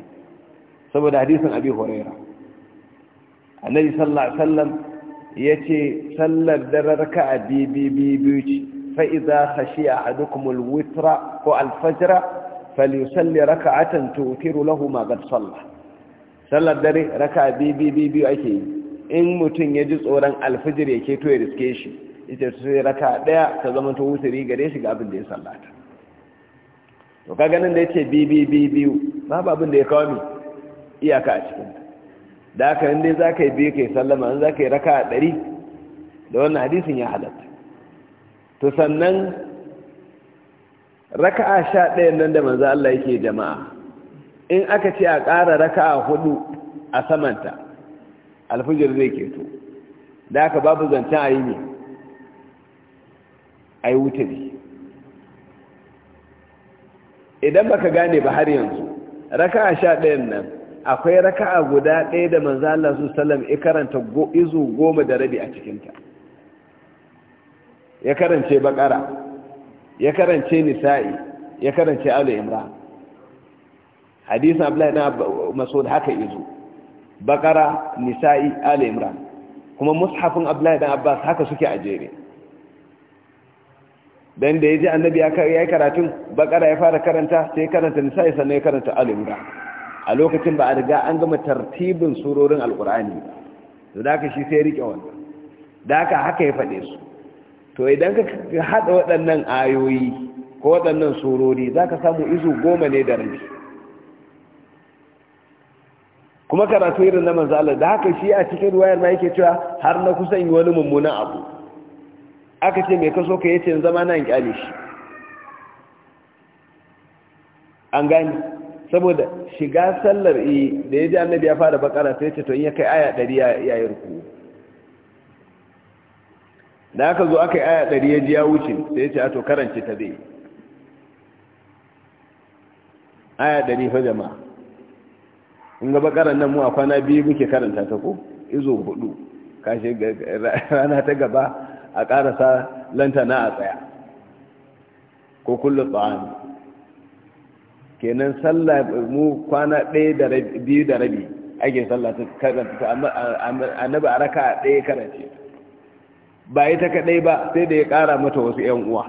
saboda hadisin abi huraira annabi sallallahu alaihi wasallam yace sallar da raka'a biyu biyu ce فإذا خشي أحدكم الوتر والفجر فليصلي ركعة توتر له ما قد صلى صلى الدري ركعة بي بي بي بي أكي إن متن يجز أوران الفجر يكي توي رسكيشي ita sai raka daya ta zama ta wuturi gare shi ga abin da ya sallata to ka ganin da yace bi bi bi ba ba abin da ya kawo mi iyaka a cikin da haka inda ka yi biyu kai sallama za ka yi raka 100 da wannan hadisin ya halatta to sannan raka'a sha ɗayan nan da manzo Allah yake jama'a in aka ce a ƙara raka'a hudu a samanta alfijir zai keto da aka babu zancen a yi ne a yi wutari idan baka gane ba har yanzu raka'a sha ɗayan nan akwai raka'a guda ɗaya da manzo Allah su salam ya karanta izu goma da rabi a cikinta ya karance bakara ya karance nisa'i ya karance alu imra hadisin abdullahi na masud haka izu bakara nisa'i alu imra kuma mushafin abdullahi dan abbas haka suke a jere dan da ya ji annabi ya yi karatun bakara ya fara karanta sai karanta nisa'i sannan ya karanta alu imra a lokacin ba a riga an gama tartibin surorin alkur'ani to da aka shi sai rike wannan da aka haka ya faɗe su to idan ka haɗa waɗannan ayoyi ko waɗannan surori za ka samu izu goma ne da rabi kuma karatu irin na manzalar da haka shi a cikin ruwayar ma yake cewa har na kusan yi wani mummunan abu aka ce mai kaso ka yace zama nan kyale shi an gani saboda shiga sallar eh, da ya ji annabi ya fara bakara sai ce to in ya kai aya ɗari ya yi ruku da aka zo aka yi aya ɗari ya ji ya wuce sai ce a ato karance ta zai aya ɗari fa jama'a in gaba karan nan mu a kwana biyu muke karanta ta ko izo hudu kashe rana ta gaba a karasa lantana a tsaya ko kullum tsawani kenan sallah mu kwana ɗaya da biyu da rabi ake sallah ta karanta ta annabi a raka ɗaya karance ta ba ita kaɗai ba sai da ya ƙara mata wasu ‘yan uwa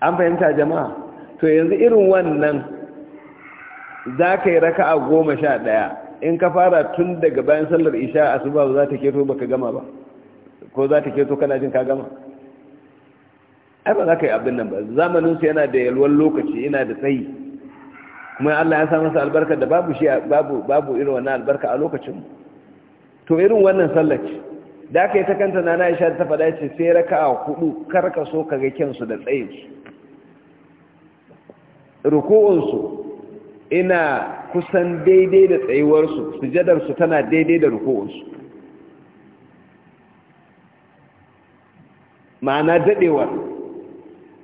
an fahimta jama'a to yanzu irin wannan za ka yi raka a goma sha ɗaya in ka fara tun daga bayan sallar isha a su ba za ta keto ba ka gama ba ko za ta keto kana jin ka gama ai ba za ka yi abin nan ba zamaninsu yana da yalwar lokaci yana da tsayi kuma Allah ya sa masa albarka da babu shi babu babu irin wannan albarka a lokacin to irin wannan sallar ce da aka yi ta kanta na Aisha ta faɗa ce sai raka a hudu karka so ka ga kyansu da tsayinsu. su ina kusan daidai da tsayuwarsu, su tana daidai da ruku'un ma'ana daɗewar.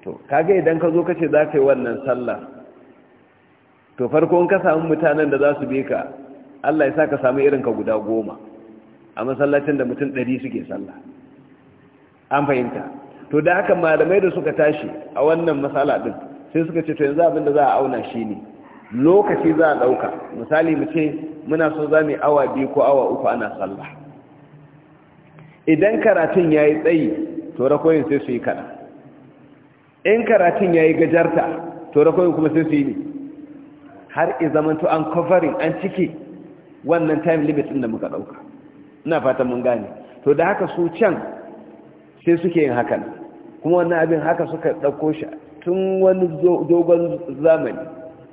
to kaga idan ka zo ka ce za ka yi wannan sallah to farko in ka samu mutanen da za su bi ka Allah ya sa ka samu irin ka guda goma a masallacin da mutum ɗari suke sallah an fahimta to da haka malamai da suka tashi a wannan matsala ɗin sai suka ce to yanzu da za a auna shi ne lokaci za a ɗauka misali mu ce muna so za mu awa biyu ko awa uku ana sallah idan karatun ya yi tsayi to rakoyin sai su yi kaɗan in karatun ya yi gajarta to rakoyin kuma sai su yi ne har izamanto an covering an cike wannan time limit ɗin da muka ɗauka ina fatan mun gane to da haka su can sai suke yin hakan kuma wannan abin haka suka ɗauko shi tun wani dogon zamani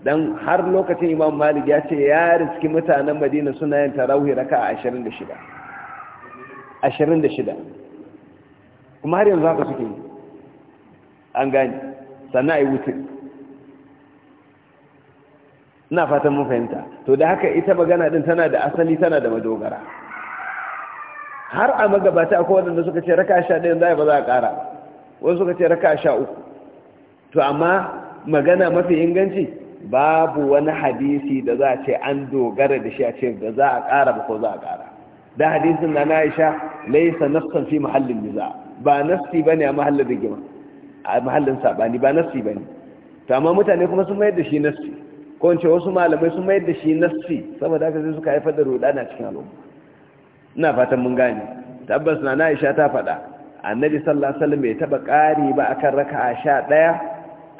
don har lokacin imam malik ya ce ya riski mutanen madina suna yin tarawih raka a 26 kuma har yanzu haka suke yi an gani sannan a yi na fatan mun fahimta to da haka ita magana din tana da asali tana da madogara har a magabata akwai wadanda suka ce raka sha ɗaya zai ba za a ƙara wasu suka ce raka sha uku to amma magana mafi inganci babu wani hadisi da za a ce an dogara da shi a ce da za a ƙara ba ko za a ƙara da hadisin na Aisha laisa nafsan fi mahallin niza ba nafsi bane a mahallin rigima a mahallin sabani ba nafsi bane to amma mutane kuma sun mayar da shi nafsi ko wasu malamai sun mayar da shi nafsi saboda haka sai suka haifar da rudana cikin al'umma ina fatan mun gane tabbas na Aisha ta faɗa annabi sallallahu alaihi wasallam bai taba ƙari ba akan raka'a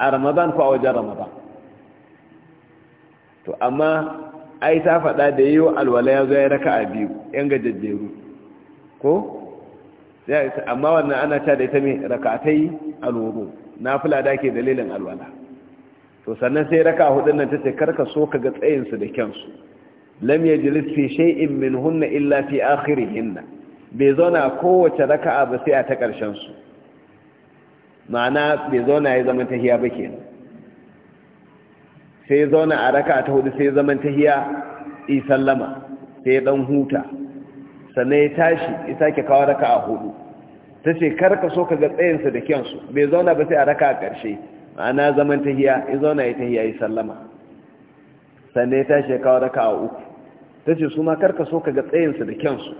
11 a Ramadan ko a wajen Ramadan to amma ai ta faɗa da yiwu alwala ya zo ya raka'a biyu yan gajajjeru ko sai amma wannan ana ta da ita mai raka'atai alwudu nafila da ke dalilin alwala to sannan sai raka'a hudun nan ta ce karka so ka ga tsayinsu da kyansu lam yajlis fi shay'in hunna illa fi akhirihinna bai zauna kowace raka'a ba sai a ta karshen su ma'ana bai zauna ya zama tahiya ba kenan sai zauna a raka'a ta hudu sai zaman tahiya i sallama sai dan huta sannan ya tashi ya sake kawo raka'a hudu ta ce karka so ka ga tsayinsa da su. bai zauna ba sai a raka a ƙarshe ma'ana zaman tahiya ya zauna ya tahiya ya sallama sannan ya tashi ya kawo raka a uku ta ce su ma karka so ka ga tsayinsu da kyansu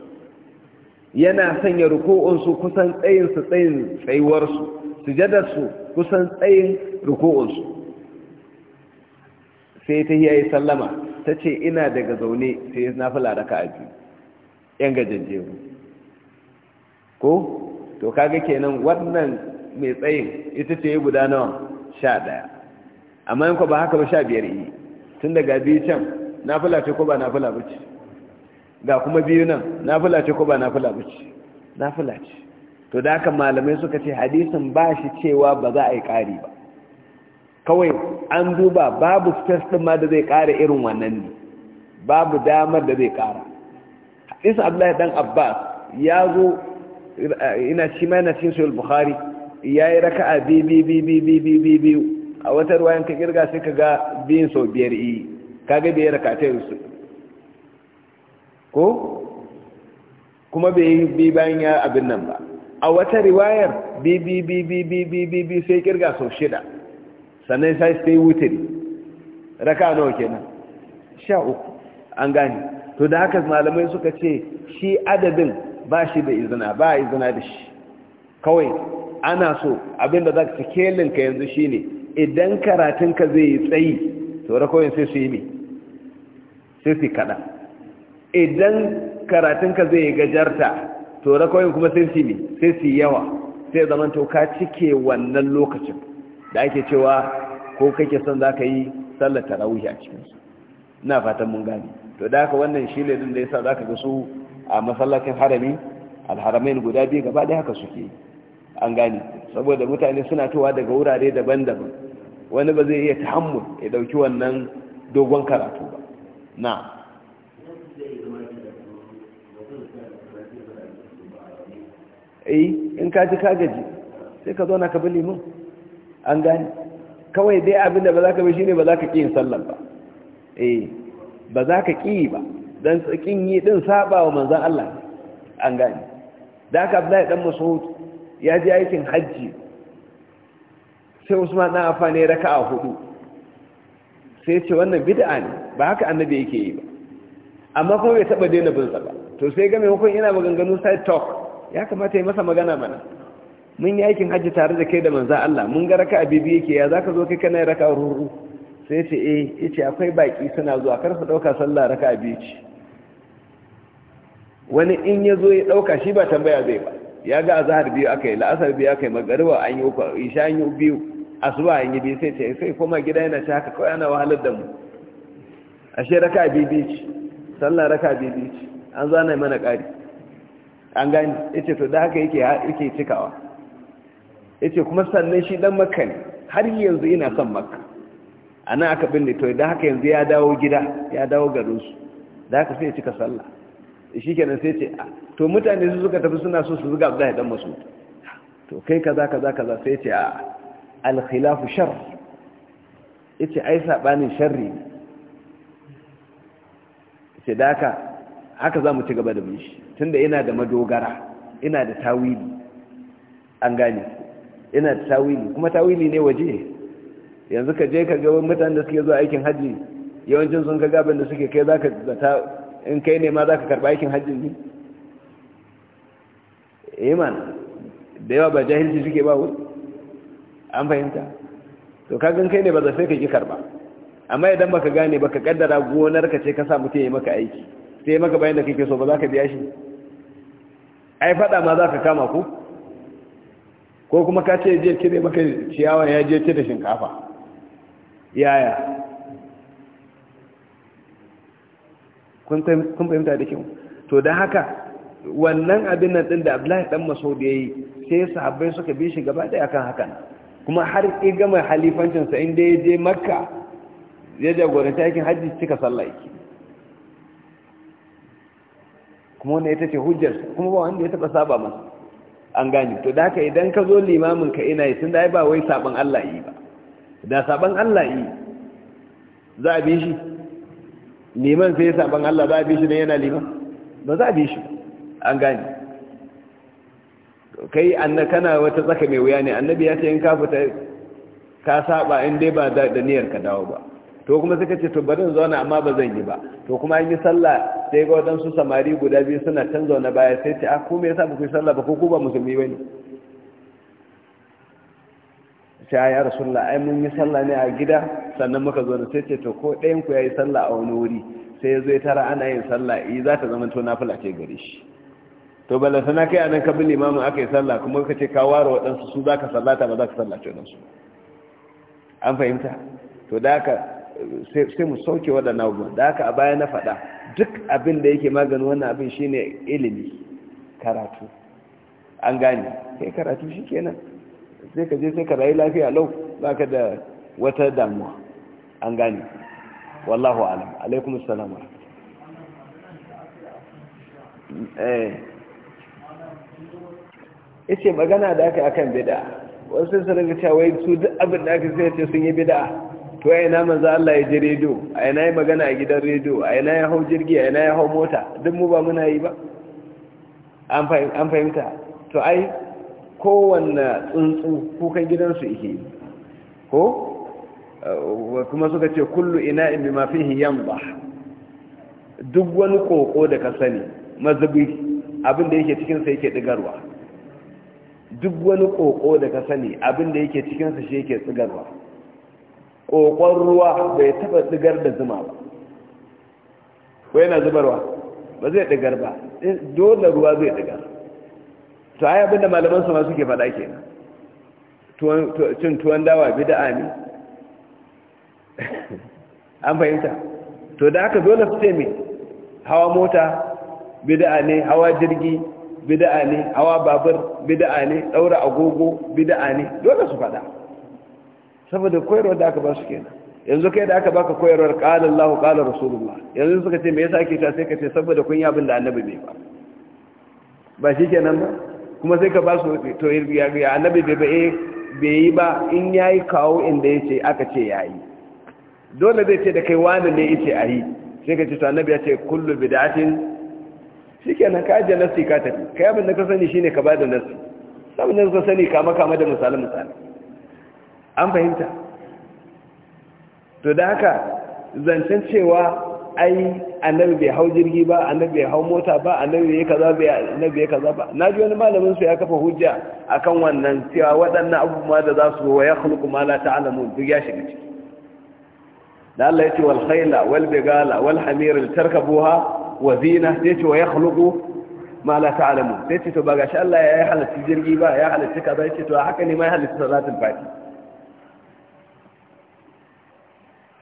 yana sanya ruku'unsu kusan tsayinsu tsayin tsayuwarsu sujadarsu kusan tsayin ruku'unsu sai ta yi sallama ta ce ina daga zaune sai na fi laraka a biyu yan gajajjeru ko to kaga kenan wannan mai tsayin ita ce guda nawa sha ɗaya amma yanku ba haka ba sha biyar yi tun daga biyu can nafila ce ko ba nafila ba ce ga kuma biyu nan nafila ce ko ba nafila ba ce nafila ce to da haka malamai suka ce hadisin ba shi cewa ba za a yi ƙari ba kawai an duba babu stress din ma da zai ƙara irin wannan ne babu damar da zai ƙara hadisin abdullahi dan abbas ya zo ina shi ma yana cin sahih bukhari ya raka'a bi bi bi bi bi bi bi a wata ruwayan ka kirga sai ka ga biyun sau biyar iyi. Eh. kaga bai ta su ko kuma bai bi bayan ya abin nan ba a wata riwayar bi bi bi bi bi bi bi bi sai kirga sau shida sannan sai sai wutiri raka nawa kenan sha uku an gani to da haka malamai suka ce shi adadin ba shi da izina ba izina da shi kawai ana so abinda za ka kelinka yanzu shine idan karatunka zai yi tsayi to rakoyin sai su yi ne sai su kaɗa idan karatunka zai gajarta to rakawai kuma sai su ne sai su yawa sai zaman to ka cike wannan lokacin da ake cewa ko kake son za ka yi sallar tarawih a cikinsu na fatan mun gani to da haka wannan shi ne da ya sa za ka ga su a masallacin harami alharamai guda biyu gaba da haka suke an gani saboda mutane suna towa daga wurare daban-daban wani ba zai iya tahammul ya ɗauki wannan dogon karatu ba na eh in ka ji ka gaji sai ka zauna ka bi limon an gani kawai dai abinda ba za ka bi shi ne ba za ka ƙi yin sallar ba eh ba za ka ƙi yi ba don tsakin yi ɗin saba wa manzan Allah an gani da aka abdullahi ɗan hutu. ya ji aikin hajji sai usman ɗan afa ne raka a hudu sai ce wannan bid'a ne ba haka annabi yake yi ba amma kuma bai taba daina bin sa ba to sai ga maimakon ina maganganu side talk ya kamata yi masa magana mana mun yi aikin hajji tare da kai da manzo Allah mun ga raka'a bibi yake ya zaka zo kai kana raka'a ruru sai ce eh yace akwai baki suna zuwa kar ka dauka sallah raka'a bibi ce wani in yazo ya dauka shi ba tambaya zai ba ya ga azhar biyu akai la'asar biyu akai magariba an yi uku isha an yi biyu a zuwa yi biyu sai ce sai koma gida yana ta haka kawai ana wahalar da mu ashe raka bibi ce sallah raka bibi ce an zana mana ƙari an gani ce to da haka yake yake cikawa ya ce kuma sannan shi dan makka ne har yanzu ina son makka nan aka binne to da haka yanzu ya dawo gida ya dawo garin su da haka sai ya cika sallah kenan sai ce ah, to mutane su suka tafi suna so su zuga ya dan masu to kai kaza kaza kaza sai ce a'a alkhilafu shar yace ai sabanin sharri yace da haka haka zamu ci gaba da bin shi tunda ina da madogara ina da tawili an gane ina da tawili kuma tawili ne waje yanzu ka je ka ga mutanen da suke zuwa aikin haji yawancin sun ka gaban da suke kai zaka zata in kai ne ma zaka karba aikin hajji ne Iman eh da yawa ba jahilci suke ba wai an fahimta to kagan kai ne ba zai ka ki karba amma idan baka gane baka kaddara gonar ka ce ka sa mutum ya maka aiki sai maka bayan da kake so ba za ka biya shi ai fada ma za ka kama ku ko kuma ka ce je cire maka ciyawa ya je cire shinkafa yaya kun fahimta da kyau to da haka wannan abin nan din da Abdullahi dan Masudi yayi sai sahabbai suka bi shi gaba daya akan hakan kuma har ya gama halifancinsa inda ya je makka ya jagoranta yakin hajji cika sallah yake kuma wanda ita ce hujjarsa kuma ba wanda ya taɓa saba masu an gani to da haka idan ka zo limamin ka ina yi sun da ba wai saban Allah yi ba da saban Allah yi za a bi shi liman sai saban Allah za a bi shi don yana liman ba za a bi shi an gani kai anna kana wata tsaka mai wuya ne annabi ya ce in ka fita ka saba in dai ba da niyyar ka dawo ba to kuma suka ce to bari zauna amma ba zan yi ba to kuma an yi sallah sai ga wadansu samari guda biyu suna can na baya sai ce a ah, ku me yasa ba ku yi sallah ba ko ku ba musulmi bane ta ya rasulullah ai mun yi sallah ne a gida sannan muka zo da sai ce to ko ɗayan ku yayi sallah a wani wuri sai ya ya tara ana yin sallah E, za ta zama to nafila ce gare shi to sana kai anan kabin bin limamin aka yi sallah kuma ka ce ka ware waɗansu su za ka sallata ba za ka sallace waɗansu an fahimta to da haka sai mu sauke waɗannan abubuwan da haka a baya na faɗa duk abin da yake maganin wannan abin shine ilimi karatu an gane kai karatu shi kenan sai ka je sai ka rayu lafiya lau ba ka da wata damuwa an gane wallahu alam alaikum salam eh yace magana da aka akan bid'a wasu sun daga cewa wai su duk abin da aka sai ce sun yi bid'a to ai na manzo Allah ya ji radio ai na yi magana a gidan radio ai na ya hau jirgi ai na ya hau mota duk mu ba muna yi ba an fahimta to ai kowanne tsuntsu kukan gidansu yake ko eh, kuma suka ce kullu ina'in bima fihi yanba duk wani koko da ka sani mazubi abin da yake cikin sa yake digarwa duk wani ƙoƙo da ka sani abin da yake cikinsa shi yake tsigarwa ƙoƙon ruwa bai taɓa tsigar da zuma ba ko yana zubarwa ba zai tsigar ba dole ruwa zai tsigar to ai abin da malaman sama suke faɗa ke cin tuwon dawa bida'a ne *laughs* an fahimta to da aka dole su ce mai hawa mota bida'a ne hawa jirgi bid'a ne hawa babur bid'a ne daura agogo bid'a ne dole su faɗa saboda koyarwar da aka ba su kenan yanzu kai da aka baka koyarwar qala Allahu qala Rasulullah yanzu suka ce me yasa ake ta sai ka ce saboda kun yi abin da annabi bai ba ba shi kenan ba kuma sai ka ba su to ya annabi bai ba eh, bai yi ba in yayi kawo inda yace aka ce yayi dole zai ce da kai wani ne yace ayi sai ka ce to annabi ya ce kullu bid'atin shikenan ka ajiye nasi ka tafi kai abin da ka sani shine ka bada nasi abin da ka sani kama kama da misali misali an fahimta to da haka zancen cewa ai annabi bai hau jirgi ba annabi bai hau mota ba annabi bai kaza bai annabi bai kaza ba naji wani malamin su ya kafa hujja akan wannan cewa waɗannan abubuwa da za su wa ya khuluqu ma la ta'lamun duk ya shiga ciki da Allah ya ce wal khayla wal bigala wal hamira tarkabuha wa zina sai ce wa yakhluqu ma la ta'lamu sai ce to ba gashi Allah ya halatta jirgi ba ya halatta kaza ba ce to haka ne ma ya halatta salatul fati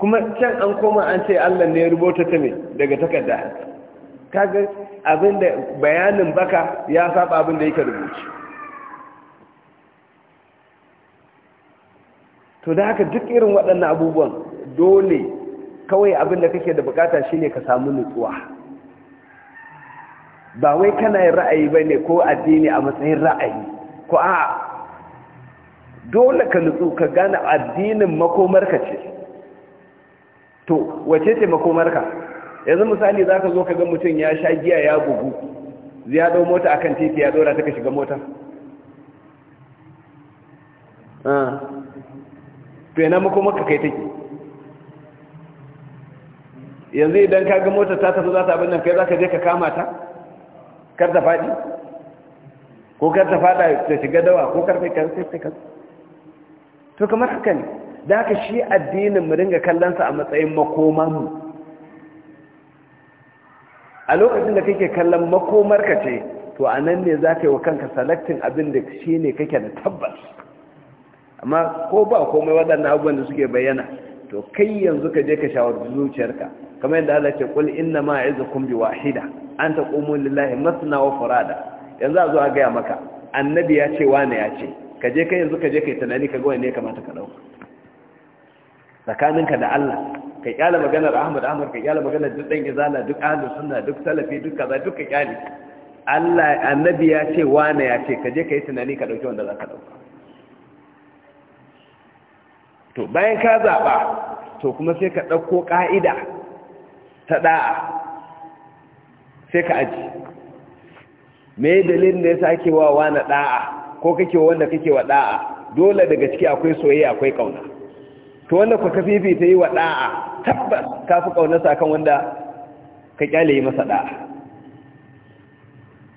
kuma can an koma an ce Allah ne ya rubuta ta me daga takarda kaga abinda bayanin baka ya saba abinda yake rubuci to da haka duk irin waɗannan abubuwan dole kawai abin da kake da bukata shine ka samu nutsuwa ba wai kana yin ra'ayi ba ne ko addini a matsayin ra'ayi ko a dole ka nutsu ka gane addinin makomarka ce to wace ce makomarka yanzu misali za ka zo ka ga mutum ya sha giya ya bugu ya dau mota akan titi ya dora ta ka shiga mota ah. to yana makomarka kai take yanzu idan ka ga motar ta tafi za ta abin nan kai za ka je ka kama ta kar ta faɗi ko kar ta faɗa ta shiga dawa ko kar kai karfe ta kan to kamar haka ne da haka shi addinin mu ringa kallon sa a matsayin makoma mu a lokacin da kake kallon makomar ka ce to a nan ne za ka yi wa kanka selectin abin da shi ne kake da tabbas amma ko ba komai waɗannan abubuwan da suke bayyana to kai yanzu ka je ka shawarci zuciyarka kamar yadda Allah ce kul inna ma izukum bi wahida an taqumu lillahi masna wa furada yanzu a zo a ga maka annabi ya ce wani ya ce ka je kai yanzu ka je kai tunani ka ga wane ya kamata ka dauka tsakaninka da Allah ka kyala maganar Ahmad Ahmad ka kyala maganar duk dan izala duk ahli sunna duk salafi duk kaza duk ka kyale Allah annabi ya ce wani ya ce ka je kai tunani ka dauki wanda za ka dauka to bayan ka zaɓa to kuma sai ka ɗauko ƙa'ida ta ɗa'a sai ka aji mai dalilin ne ya ake wa wani ɗa'a ko kake wanda kake wa ɗa'a dole daga ciki akwai soyayya akwai ƙauna to wanda ku ka fifi ta yi wa ɗa'a tabbas ka fi ƙaunarsa kan wanda ka ƙyale yi masa ɗa'a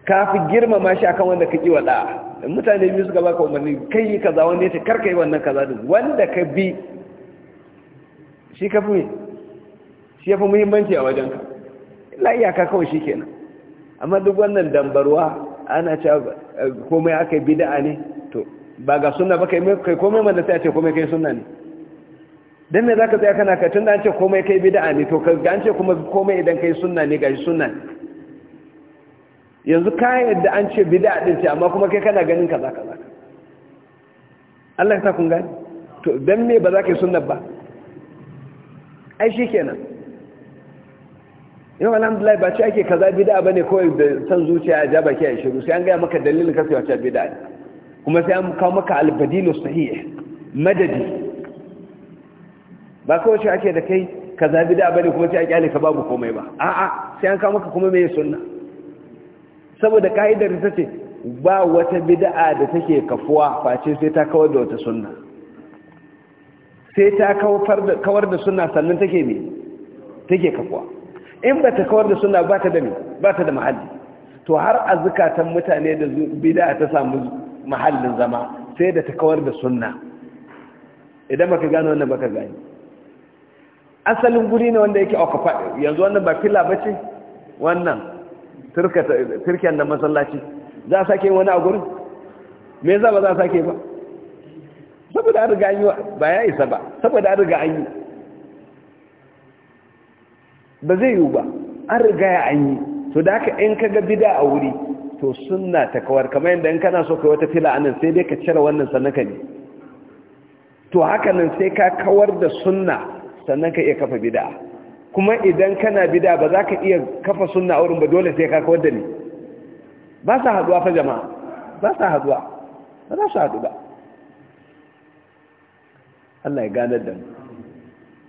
ka fi girmama shi akan wanda ka kiwa da mutane biyu suka baka umarni kai yi kaza wanda yake karka yi wannan kaza din wanda ka bi shi ka fi shi ya fi muhimmanci a wajen ka, la iyaka kawai shi kenan amma duk wannan dambarwa ana cewa eh, komai aka bid'a ne to ba ga sunna ba kai komai manda sai a ce komai kai sunna ne don me za ka tsaya kana ka tun da an ce komai kai bid'a ne to ka an ce kuma komai idan kai sunna ne gashi sunna ne yanzu kayan yadda an ce bid'a din ce amma kuma kai kana ganin kaza kaza Allah ya kun gani to don me ba za ka yi sunan ba ai shi kenan. yau alhamdulillah ba ce ake kaza bid'a bane kawai da san zuciya ya ja ke ya shiru sai an gaya maka dalilin kasu yawancin bid'a kuma sai an kawo maka albadilu sahih madadi ba kawai ce ake da kai kaza bid'a bane kuma sai a kyale ka babu komai ba a'a sai an kawo maka kuma mai sunna saboda ka'idar ta ce ba wata bida'a da take kafuwa face sai ta kawar da wata sunna sai ta kawar da sunna sannan take me take kafuwa in ba ta kawar da sunna ba ta da me ba ta da mahalli to har a zukatan mutane da bida'a ta samu mahallin zama sai da ta kawar da sunna idan baka gano wannan baka gani asalin guri ne wanda yake occupied yanzu wannan ba fila bace wannan turkiyar da masallaci za a sake wani a gurin me za ba za a sake ba saboda an riga an yi ba ya isa ba saboda an riga an yi ba zai yiwu ba an riga ya an yi to da aka in ka ga bida a wuri to sunna ta kawar kamar yadda in kana so kai wata fila anan sai dai ka cire wannan sannan ka ne to haka nan sai ka kawar da sunna sannan ka iya kafa bid'a kuma idan kana bida ba za ka iya kafa sunna wurin ba dole sai ka kawar da ni ba sa haduwa fa jama'a ba sa haduwa ba za su haɗu ba Allah ya ganar da mu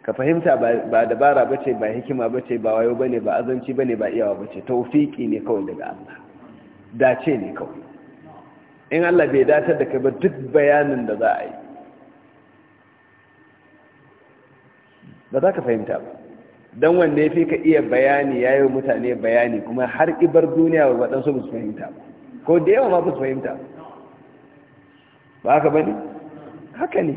ka fahimta ba dabara ba ce ba hikima ba ce ba wayo ba ne ba azanci ba ne ba iyawa ba ce taufiki ne kawai daga Allah dace ne kawai in Allah bai datar da ka ba duk bayanin da za a yi ba za ka fahimta ba don wanda ya fi ka iya bayani ya yi mutane bayani kuma har ibar duniya wa waɗansu ba su fahimta ko da yawa ma ba fahimta ba haka ba ne haka ne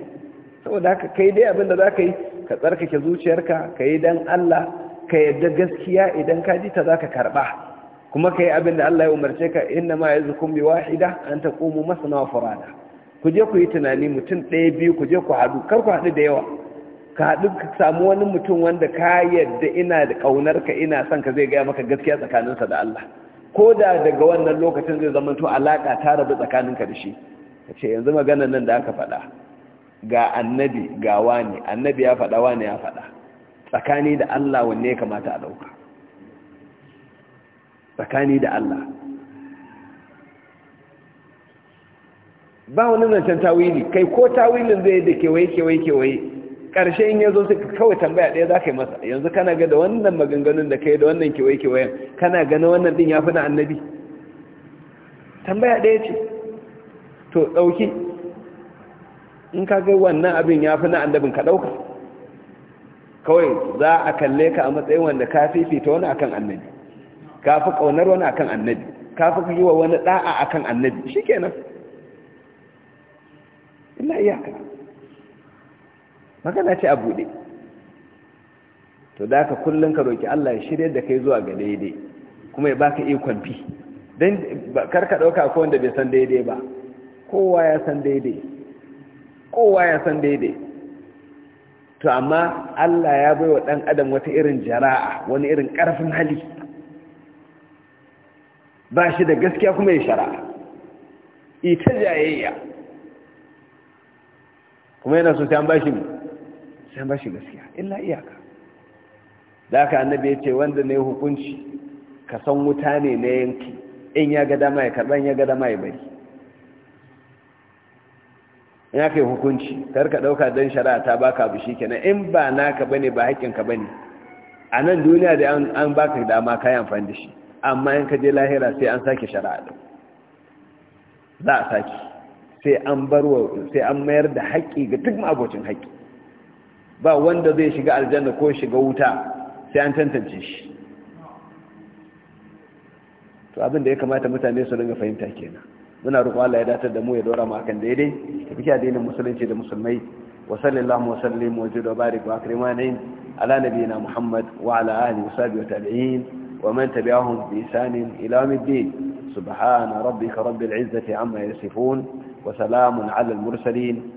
saboda haka kai dai abinda za ka yi ka tsarkake zuciyarka ka yi don allah ka yadda gaskiya idan ka ji ta za ka karɓa kuma ka yi abinda allah ya umarce ka inna ma ya zukun bi wahida an ta komo masana nawa furada ku je ku yi tunani mutum ɗaya biyu ku je ku haɗu kar ku haɗu da yawa ka haɗu ka samu wani mutum wanda ka yadda ina da ƙaunar ka ina son ka zai gaya maka gaskiya tsakaninsa da Allah ko da daga wannan lokacin zai zama to alaƙa ta rabu tsakaninka da shi ka ce yanzu magana nan da aka faɗa ga annabi ga wani annabi ya faɗa wani ya faɗa tsakani da Allah wanne ya kamata a ɗauka tsakani da Allah ba wani zancen tawili kai ko tawilin zai da kewaye kewaye kewaye ƙarshe in yazo sai kawai tambaya ɗaya za ka yi masa yanzu kana ga da wannan maganganun da ka yi da wannan kewaye-kewayen kana gani wannan ɗin ya fi na annabi tambaya ɗaya ce to ɗauki in ka ga wannan abin ya fi na annabin ka ɗauka kawai za a kalle ka a matsayin wanda ka fifita wani akan annabi ka fi ƙaunar wani akan annabi ka fi yi wa wani ɗa'a akan annabi shi kenan ina iyaka magana ce a buɗe to da ka kullum ka roƙi Allah ya shirya da kai zuwa ga daidai kuma ya baka ikon bi don karka ɗauka ko wanda bai san daidai ba kowa ya san daidai kowa ya san daidai to amma Allah ya bai wa ɗan adam wata irin jara'a wani irin ƙarfin hali ba shi da gaskiya kuma ya shara'a ita jayayya kuma yana so ta an ba mu ya mashi gaskiya illa iyaka da aka annabi ya ce wanda ne hukunci ka san wuta ne na yanki in ya ga dama ya karɓa in ya gada ma ya bari Ya kai hukunci hukunci karka ɗauka don shari'a ta baka abu shi kenan in ba naka bane ba haƙƙinka bane a nan duniya da an baka dama ka yi amfani da shi amma in ka je lahira sai an sake shari'a ɗin za a sake sai an mayar da haƙƙi ga duk ma'abocin haƙƙi ba wanda zai shiga aljanna ko shiga wuta sai an tantance shi to abin da ya kamata mutane su dinga fahimta kenan muna roƙon Allah ya datar da mu ya dora mu akan daidai tafi ki addinin musulunci da musulmai wa sallallahu wa sallim wa jida barik wa akrimanain ala nabiyina muhammad wa ala Ali. wa sahbihi wa tabi'in wa man tabi'ahum bi ihsan ila yawmiddin subhana rabbika rabbil izzati amma yasifun wa salamun ala mursalin